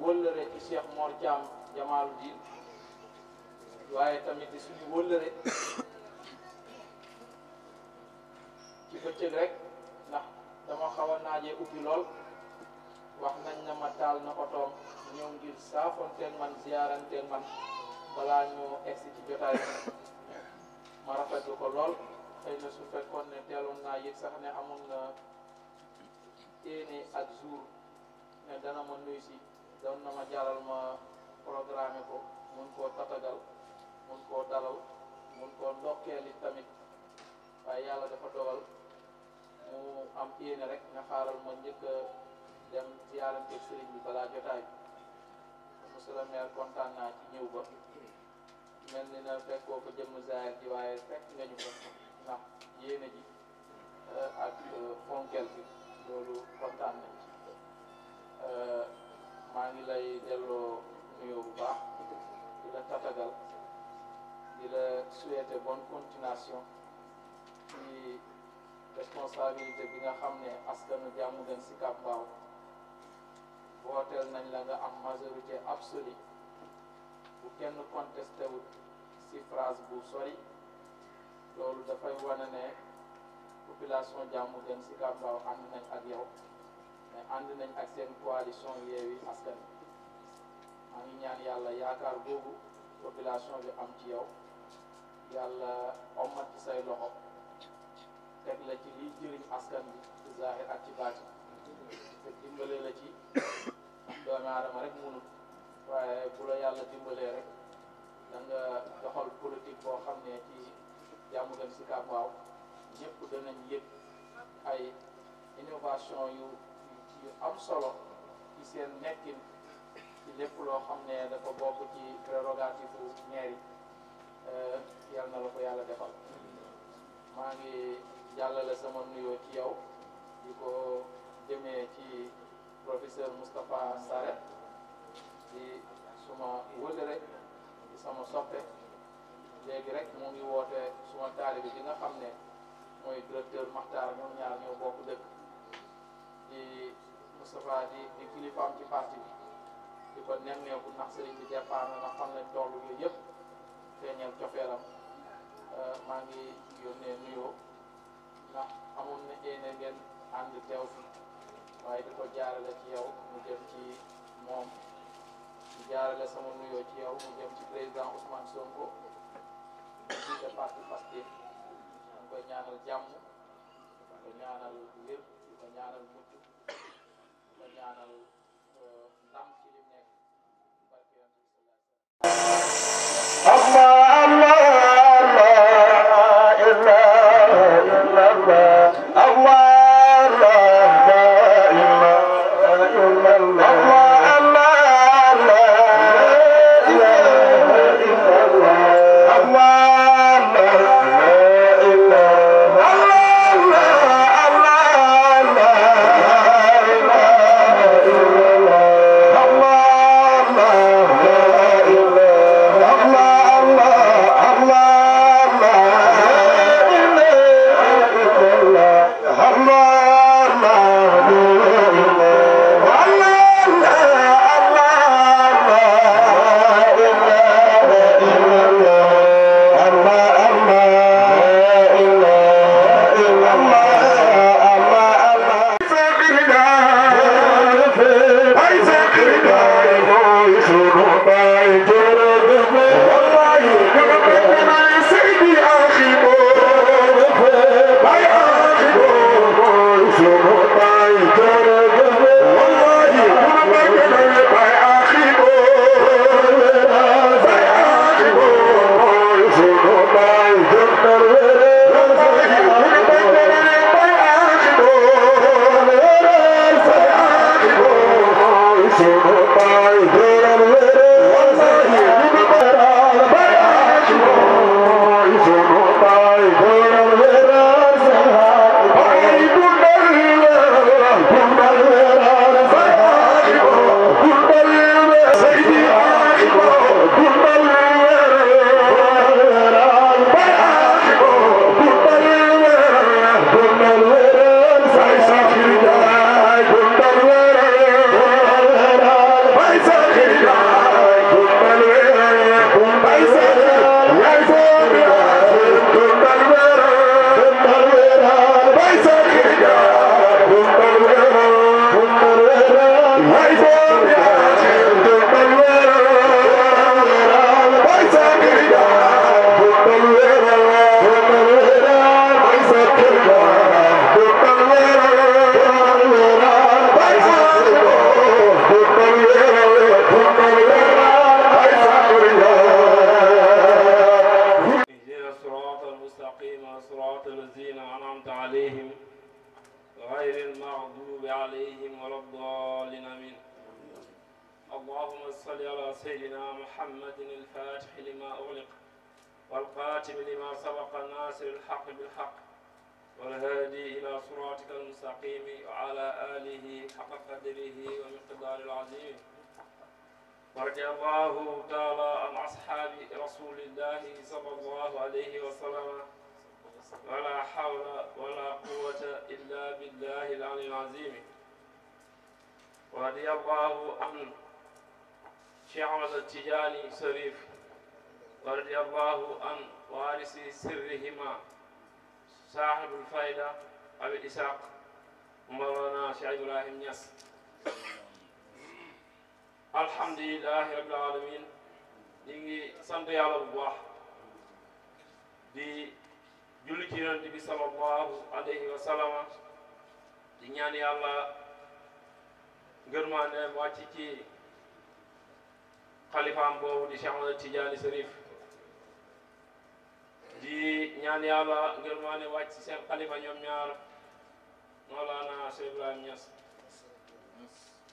wëllëre ci Cheikh Mor Thiam jamaalu diin waaye tamit di suñu wëllëre ci bëccëg rek ndax dama xaw a naajee ubbi lool wax nañ na ma taal na ko toom ñëw ngir saafonteen man ziyaaranteen man balaa ñoo egsi ci jotaay ma rafetlu ko lool xëy na su fekkoon ne teeloon naa yëg sax ne amoon na téene ak jour ne dana ma nuyu si doon na ma jaral ma programme ko mun koo tatagal mun koo dalal mun koo ndokkeeli tamit waaye yàlla dafa dogal mu am yéene rek nga xaaral ma njëkk a dem ziyaarante sëriñ bi balaa jotaay monsieur le maire kontaan naa ci ñëw ba mel ni na fekkoo ko jëmm zaayir ji waaye fekk nga ñu ko ndax yéene ji euh, ak euh, fonkel bi loolu waxtaan nañ euh, maa ngi lay delloo nuyoo bu baax di la tatagal di la souhaiter bonne continuation ci responsabilité bi nga xam ne askanu jàmmu gën si Kàbb Mbaaw nañ la nga am majorité absolue bu kenn contesté wut si phrase bu sori loolu dafay wane ne. population jàmm gën si Kambaaw ànd nañ ak yow mais ànd nañ ak seen coalition Yewwi Askan maa ngi ñaan yàlla yaakaar boobu population bi am ci yow yàlla ommat ci say loxo teg la ci liy jëriñ askan bi ci zahir ak ci baati te dimbale la ci doomi aadama rek munul waaye bu yàlla dimbalee rek da nga doxal politique boo xam ne ci jàmm gën si yëpp danañ yëg ay innovation yu yu am solo ci seen nekkin ci lépp loo xam ne dafa bokk ci prérogative u maire yi eh, yal na la ko yàlla defal maa ngi jàllale sama nuyoo ci yow di ko jëmee ci professeur Moustapha Sarré si suma wëlëre di sama soppe léegi rek mu ngi woote suma taalibe bi nga xam ne mooy directeur Makhtar ñoom ñaar ñoo bokk dëkk di Moustapha di di kilifaam ci parti bi di ko nemmeeku ndax sëriñ bi départ na xam ne tool yooyu yëpp feeñeel cofeeram euh, maa ngi yónnee nuyoo ndax amoon na yéene ngeen ànd teew waaye di ko jaarale ci yow mu jëm ci moom jaarale sama nuyoo ci yow mu jëm ci président Ousmane Sonko di parti Pastef koy ñaanal jàmm di ko ñaanal lépp di ko ñaanal mucc di ko ñaanal Mawlana Cheikh Ibrahim Niass alhamdulilahi rabbil alamin ñu ngi sant yàlla bu baax di julli ci yonent bi sallallahu alayhi wa di ñaan yàlla ngërmaane wàcc ci xalifaam boobu di Cheikh Ahmad Tidiane Serif di ñaan yàlla ngërmaane wàcc seen xalifa ñoom ñaar Mawlana Cheikh Ibrahima Niass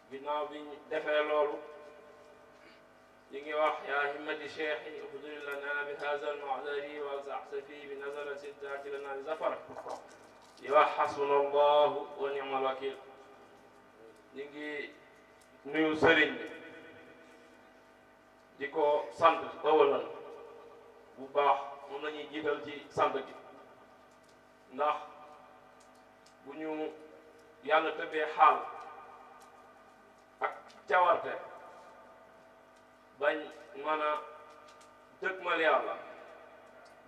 ginnaaw bi defee loolu ñu ngi wax yaa himmati cheikhi uxdur lana bi haza almucdari wa zaxsafi bi nazarati daati lana bi zafar di wax xasbuna allahu wa nicma alwakil ñu ngi nuyu sëriñ bi di ko sant bawalan bu baax moom la ñuy jiital ci sant gi ndax bu ñu yàlla tëbbee xaal ak cawarte bañ mën a dëgmal yàlla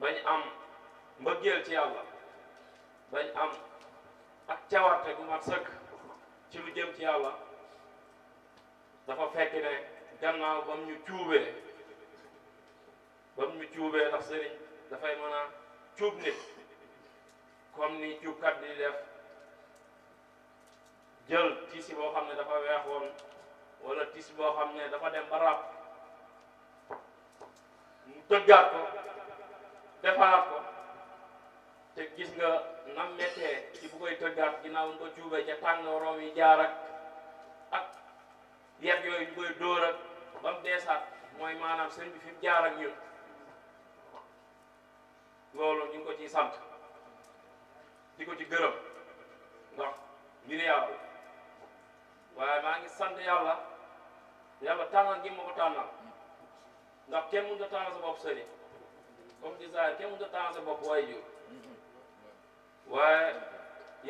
bañ am mbëggeel ci yàlla bañ am ak cawarte gu mat sëkk ci lu jëm ci yàlla dafa fekk ne gannaaw ba mu ñu cuubee ba mu ñu cuubee ndax sëriñ dafay mën a cuub nit comme ni cuubkat di def jël tisi boo xam ne dafa weex woon wala tisi boo xam ne dafa dem ba ràpp mu tëggaat ko defaraat ko te gis nga nam méttee ci bu koy tëggaat ginnaaw nga ko juubee ca tàngoorom yi jaar ak ak yet yooyu ñu koy dóor ak ba mu deesaat mooy maanaam sëñ bi fi jaar ak ñun loolu ñu ngi ko ciy sant di ko ci gërëm ndax mbiri yàlla waaye maa ngi sant yàlla yàlla tànnal gi ma ko tànnal ndax kenn mënut a sa bopp sëriñ comme disaar kenn mënut a tànnal sa bopp waaye jur waaye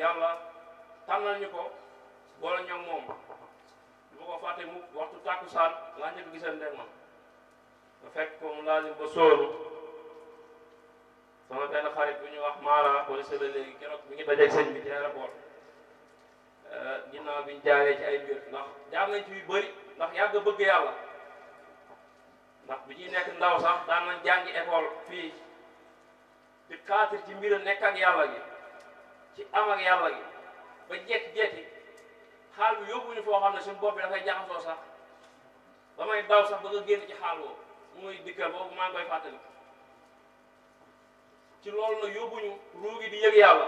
yàlla tànnal ñu ko boole ñoom moom du ma ko fàtte mu waxtu tàkkusaan laa njëkk giseen ndeg man nga fekk ko mu laasim ba sóoru sama benn xarit bu ñu wax maara policier la léegi keroog mi ngi dajeeg sëñ bi ci aéroport Euh, ginnaaw bi ñu ci ay mbir ndax jaar nañ ci yu bëri ndax yàgg a bëgg yàlla ndax bi ñuy nekk ndaw sax daan nañ jàngi école fii di cadre ci mbir nekk ak yàlla gi ci am ak yàlla gi ba jekki-jekki xaal bi yóbbuñu foo xam ne suñu bopp bi dafay jaxasoo sax ba may daw sax bëgg a génn ci xaal boobu muy dikkal boobu maa ngi koy fàttali ci loolu na yóbbuñu ruugi di yëg yàlla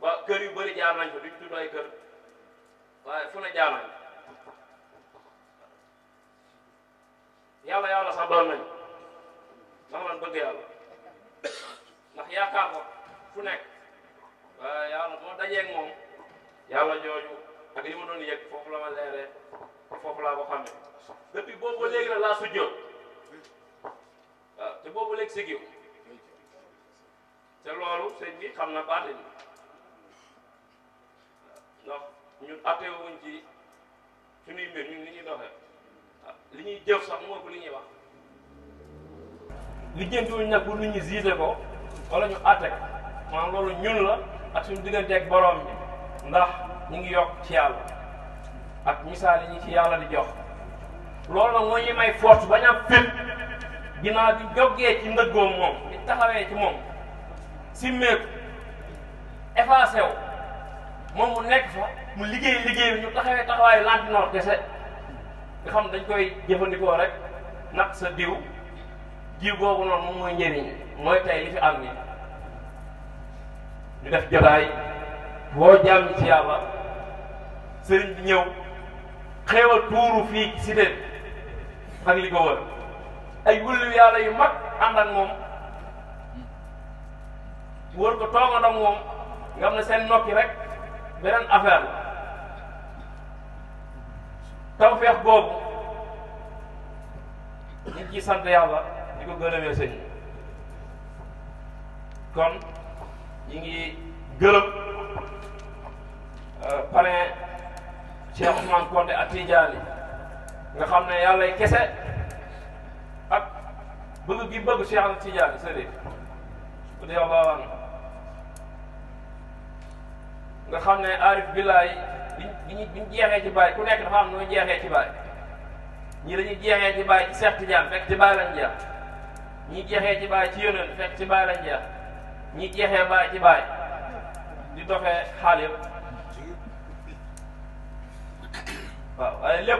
ba kër yu bëri jaar nañ ko duñ tudd ay kër waaye fu jaar nañ yàlla yàlla sax doon nañ ndax lan bëgg yàlla ndax yaakaar ko fu nekk waaye yàlla moo dajeeg moom yàlla jooju ak li ma doon yëg foofu la ma leeree foofu laa ko xamee depuis boobu ba léegi nag laa te boobu léegi sigiw te loolu sëñ bi xam na baatin ndax ñun atteewuñ ci suñuy mbir ñun li ñuy doxee li ñuy jëf sax moo ko li ñuy wax li jëntuwuñ nag bu nit ñi jiite ko wala loolu ñun la ak suñu digganteeg boroom bi ndax ñu ngi yokk ci yàlla ak misaal yi ci yàlla di jox loolu nag moo ñuy may force bañ am fépp ginnaaw di jógee ci ndëggoom moom di taxawee ci moom simmeeku effacé wu moom mu nekk fa mu liggéey liggéey bi ñu taxawee taxawaayu lantinoor kese nga xam dañ koy jëfandikoo rek naq sa diw jiw boobu noonu moom mooy njëriñ mooy tey li fi am ni ñu def jotaay boo jàmm ci yàlla sëriñ ñëw xéewal tuuru fii ci cité ak li ko wër ay wullu yàlla yu mag ànd ak moom wër ko toog a moom nga xam ne seen nokki rek beneen affaire tawfeex boobu ñu ngi ciy sant yàlla di ko gërëmee sëñ kon ñu ngi gërëm euh, parrain Cheikh Ousmane Konté ak Tidiane nga xam ne yàlla kese ak bëgg gi bëgg Cheikh Tidiane sëriñ radiyallahu anhu nga xam ne aarif billaay bi ñu bi ñu jeexee ci bàyyi ku nekk dafa am nu jeexee ci bàyyi ñi dañuy jeexee ci bàyyi ci Seex Tijaan fekk ci bàyyi lañ jeex ñi jeexee ci bàyyi ci yónent fekk ci bàyyi lañ jeex ñi jeexee bàyyi ci bàyyi di doxee xaal yëpp waaw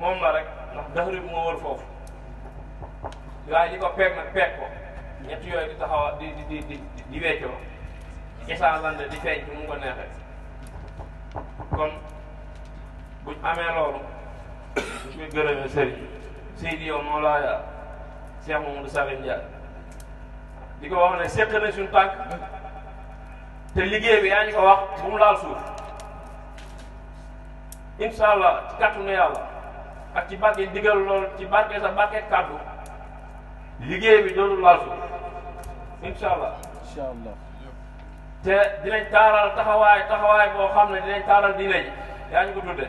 moom la rek ndax daxari bi moo wër foofu waaye li ko peeg nag peeg ko ñett di taxaw di di di di weccoo Isa Lande di feeñ bi mu ko neexee kon buñ amee loolu ñu koy gërëmee sëriñ Seydi yow Mawlaaya Cheikh Mamadou Salim Ndiaye di ko wax ne seq na suñu tànk te liggéey bi yaa ñu ko wax bu mu laal suuf incha allah ci kàttanu yàlla ak ci barke digal lool ci barke sa barke kàddu liggéey bi dootul laal suuf incha allah. te dinañ taaral taxawaay taxawaay boo xam ne dinañ taaral diine ji yaa ñu ko tudde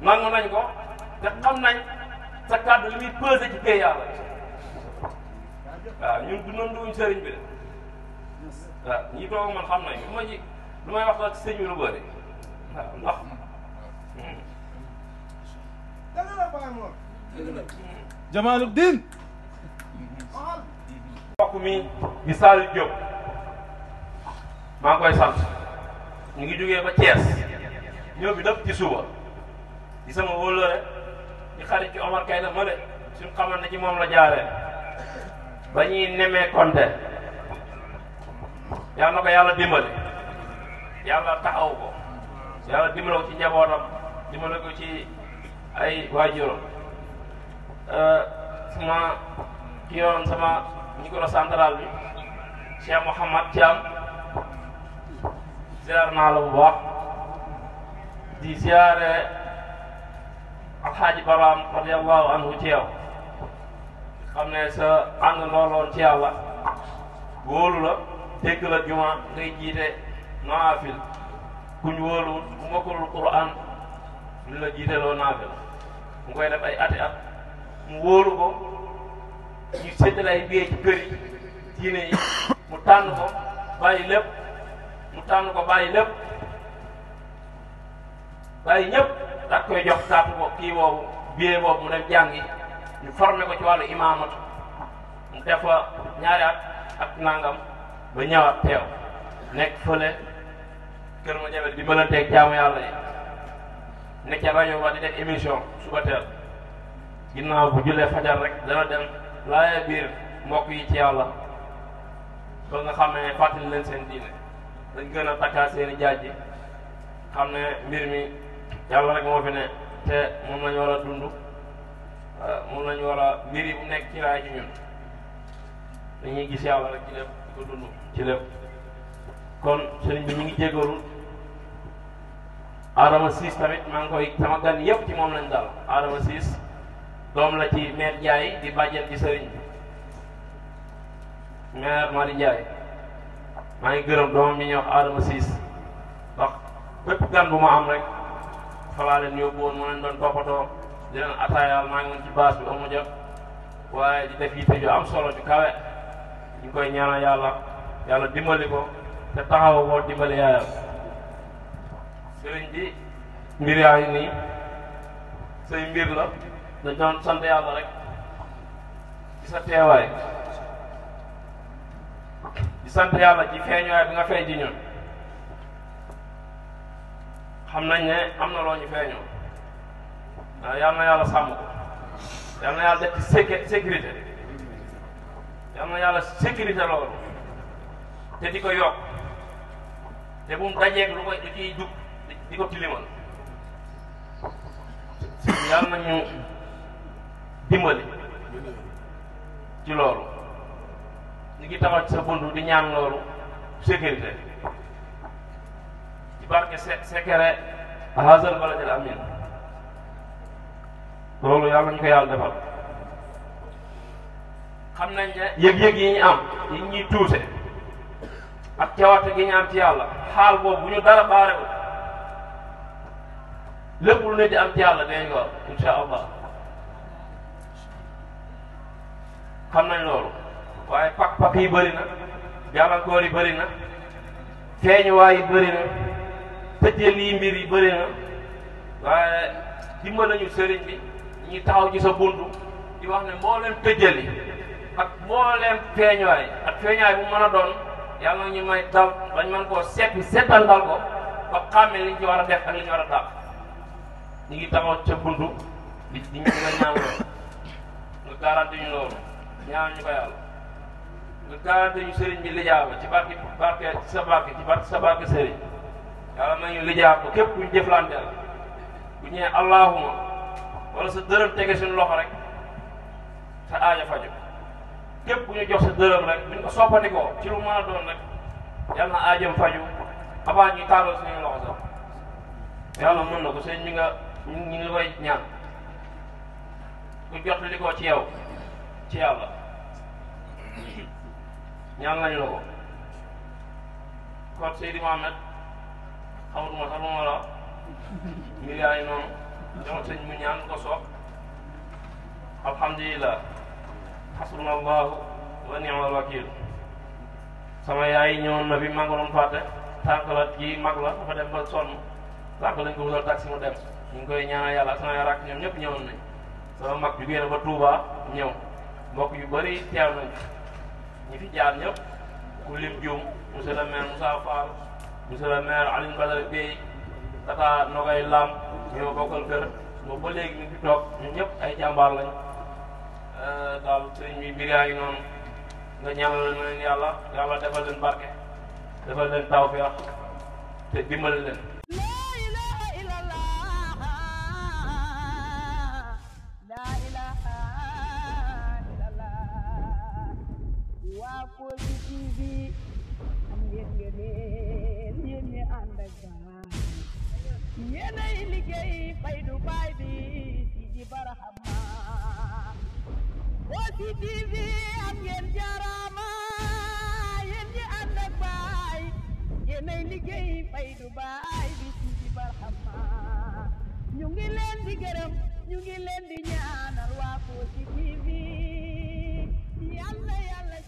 nangu nañ te xam nañ sa kàddu li muy pesé ci pay yàlla waaw ñun du nanduwuñ sëriñ bi de waaw ñi toog man xam nañ lu ma ji lu may wax sax sëñ bi lu maa ngi koy sant ñu ngi jógee ba Thiès ñëw bi dëpp ci suba di sama wóllare di xarit ci Omar kay na ma ne suñ xamal ne ci moom la jaaree ba ñuy nemee konte yal na ko yàlla dimbali yàlla taxaw ko yàlla dimbali ko ci njabootam dimbali ko ci ay waajuram euh, sama ki yoon sama micro central bi Cheikh Mouhamad Thiam ziar naa la bu baax di ziare alxaaji babaam radiallahu anhu ci yow xam ne sa ànd looloon ci yàlla wóolu la dégg la juma ngay jiite naafil kuñ wóolu ku mokkalul quran lu la jiite loo naafil mu koy def ay ati at mu wóolu ko ñu séddale ay biyee ci kër yi mu tànn ko bàyyi lépp mu tànn ko bàyyi lépp bàyyi ñëpp daat koy jox saatu ko boobu biee boobu mu dem jàngi ñu formé ko ci wàllu imaamatu mu def fa ñaari ak nangam ba ñëwaat teew nekk fële kër ma jabel di mëlanteeg jaamu yàlla yi nekk ca rajo ba di def émission suba teel ginnaaw bu jullee fajar rek dana dem laaya biir mbokk yi ci yàlla ba nga xamee fàttali leen seen diine dañ gën a takkaa seeni xam ne mbir mi yàlla rek moo fi ne te moom lañu war a dund moom lañu war a mbir yi bu nekk ci raay ci ñun dañuy gis yàlla rek ci lépp ko dund ci lépp kon sëriñ bi ñu ngi jégalu Adama Siis tamit maa ngi koy sama gan yëpp ci moom lañ dal Adama Siis doom la ci maire Ndiaye di bàjjen ci sëriñ bi Mari Ndiaye maa ngi gërëm doomam ñi ñuy wax Adama Siis ndax bépp gan bu ma am rek falaa leen yóbbu woon mu leen doon toppatoo di leen ataayaal maa ngi woon ci baas bi amu jot waaye di def yitte ju am solo ju kawe ñu koy ñaanal yàlla yàlla dimbali ko te taxaw ko dimbali yaayam sëriñ bi mbir yaa ngi nii mbir la doon sant yàlla rek ci sa di sant yàlla ci feeñuwaay bi nga feeñ ci ñun xam nañ am na loo ñu feeñoo waaw yal na yàlla sàmm ko yal na yàlla def ci sécu sécurité yal na yàlla sécurité loolu te di ko yokk te bu mu dajeeg lu koy lu ciy yal na ñu dimbali ci loolu. ñu ngi taxaw ci sa buntu di ñaan loolu sécurité ci barke secret hazal baladil amin loolu yàlla ñu ko yàlla defal xam nañ ne yëg-yëg yi ñu am yi ñuy tuuse ak cawarte gi ñu am ci yàlla xaal boobu bu ñu dara baarewul lépp lu ne di am ci yàlla dinañ ko insha allah xam nañ loolu waye pak pak yi bëri na ko yi bëri na feeñuwaay yi bëri na tëjjal yi mbir yi bëri na waye dimbal nañu sëriñ bi ñi taxaw ci sa buntu di wax ne mbooleem tëjjal yi ak feñu feeñuwaay ak feeñuwaay bu mëna doon yalla ñu may taw bañ man ko koo seppi dal ko ba xamé li ci wara def ak li ñu wara taw dàq ngi taxaw ci buntu di ñu nga ñaan loolu nga garanti ñu loolu ñaan ñu ko yalla gaalante ñu sëriñ bi lijaaba ci barke barke sa barke ci barke sa barke sëriñ yàlla may ñu lijaaba képp kuñ jëflante la bu ñëwee allahuma wala sa dërëm tege suñu loxo rek sa aaja faju képp ku ñu jox sa dërëm rek buñ ko soppandikoo ci lu mën a doon rek yàlla na aajam faju avant ñuy taaloo suñu loxo sax yàlla mën na ko sëriñ bi nga ñu ngi ñaan ku jot li ci yow ci yàlla ñaan nañu la ko kon Seydi Mohamed xamutuma sax lu ma la noonu jox sëñ mu ñaan ko soox alhamdulilah xasbuna allahu wa ni'mal wakil sama yaay ñëwoon na fi maa ngi doon fàtte tànk la kii mag la dafa dem ba sonn sànq lañ ko wutal taxi mu dem ñu ngi koy ñaanal yàlla sama rakk ñoom ñëpp ñëwoon nañ sama mag jugee na ba Touba ñëw mbokk yu bëri teew ñi fi jaar ñëpp ku lim juum monsieur le maire Moussa Fall monsieur le maire Bey tata Nogay Lam ñoo bokkal kër boobu ba léegi ñu fi toog ñun ñëpp ay jàmbaar lañ euh, daal sëriñ bi mbir yaa ngi noonu nga ñaanal leen yàlla yàlla defal leen barke defal leen tawfeex te dimbal leen yéen ngeen leen yéen ñi ànd ak baay yéenay liggéey faydu baay bi Sidi Barhama Kossy TV am ngeen jaaraama yéen ñi ànd ak baay yéenay liggéey faydu baay bi Sidi Barhama ñu ngi leen di gërëm ñu ngi leen di ñaanal waa Kossy TV yàlla yàlla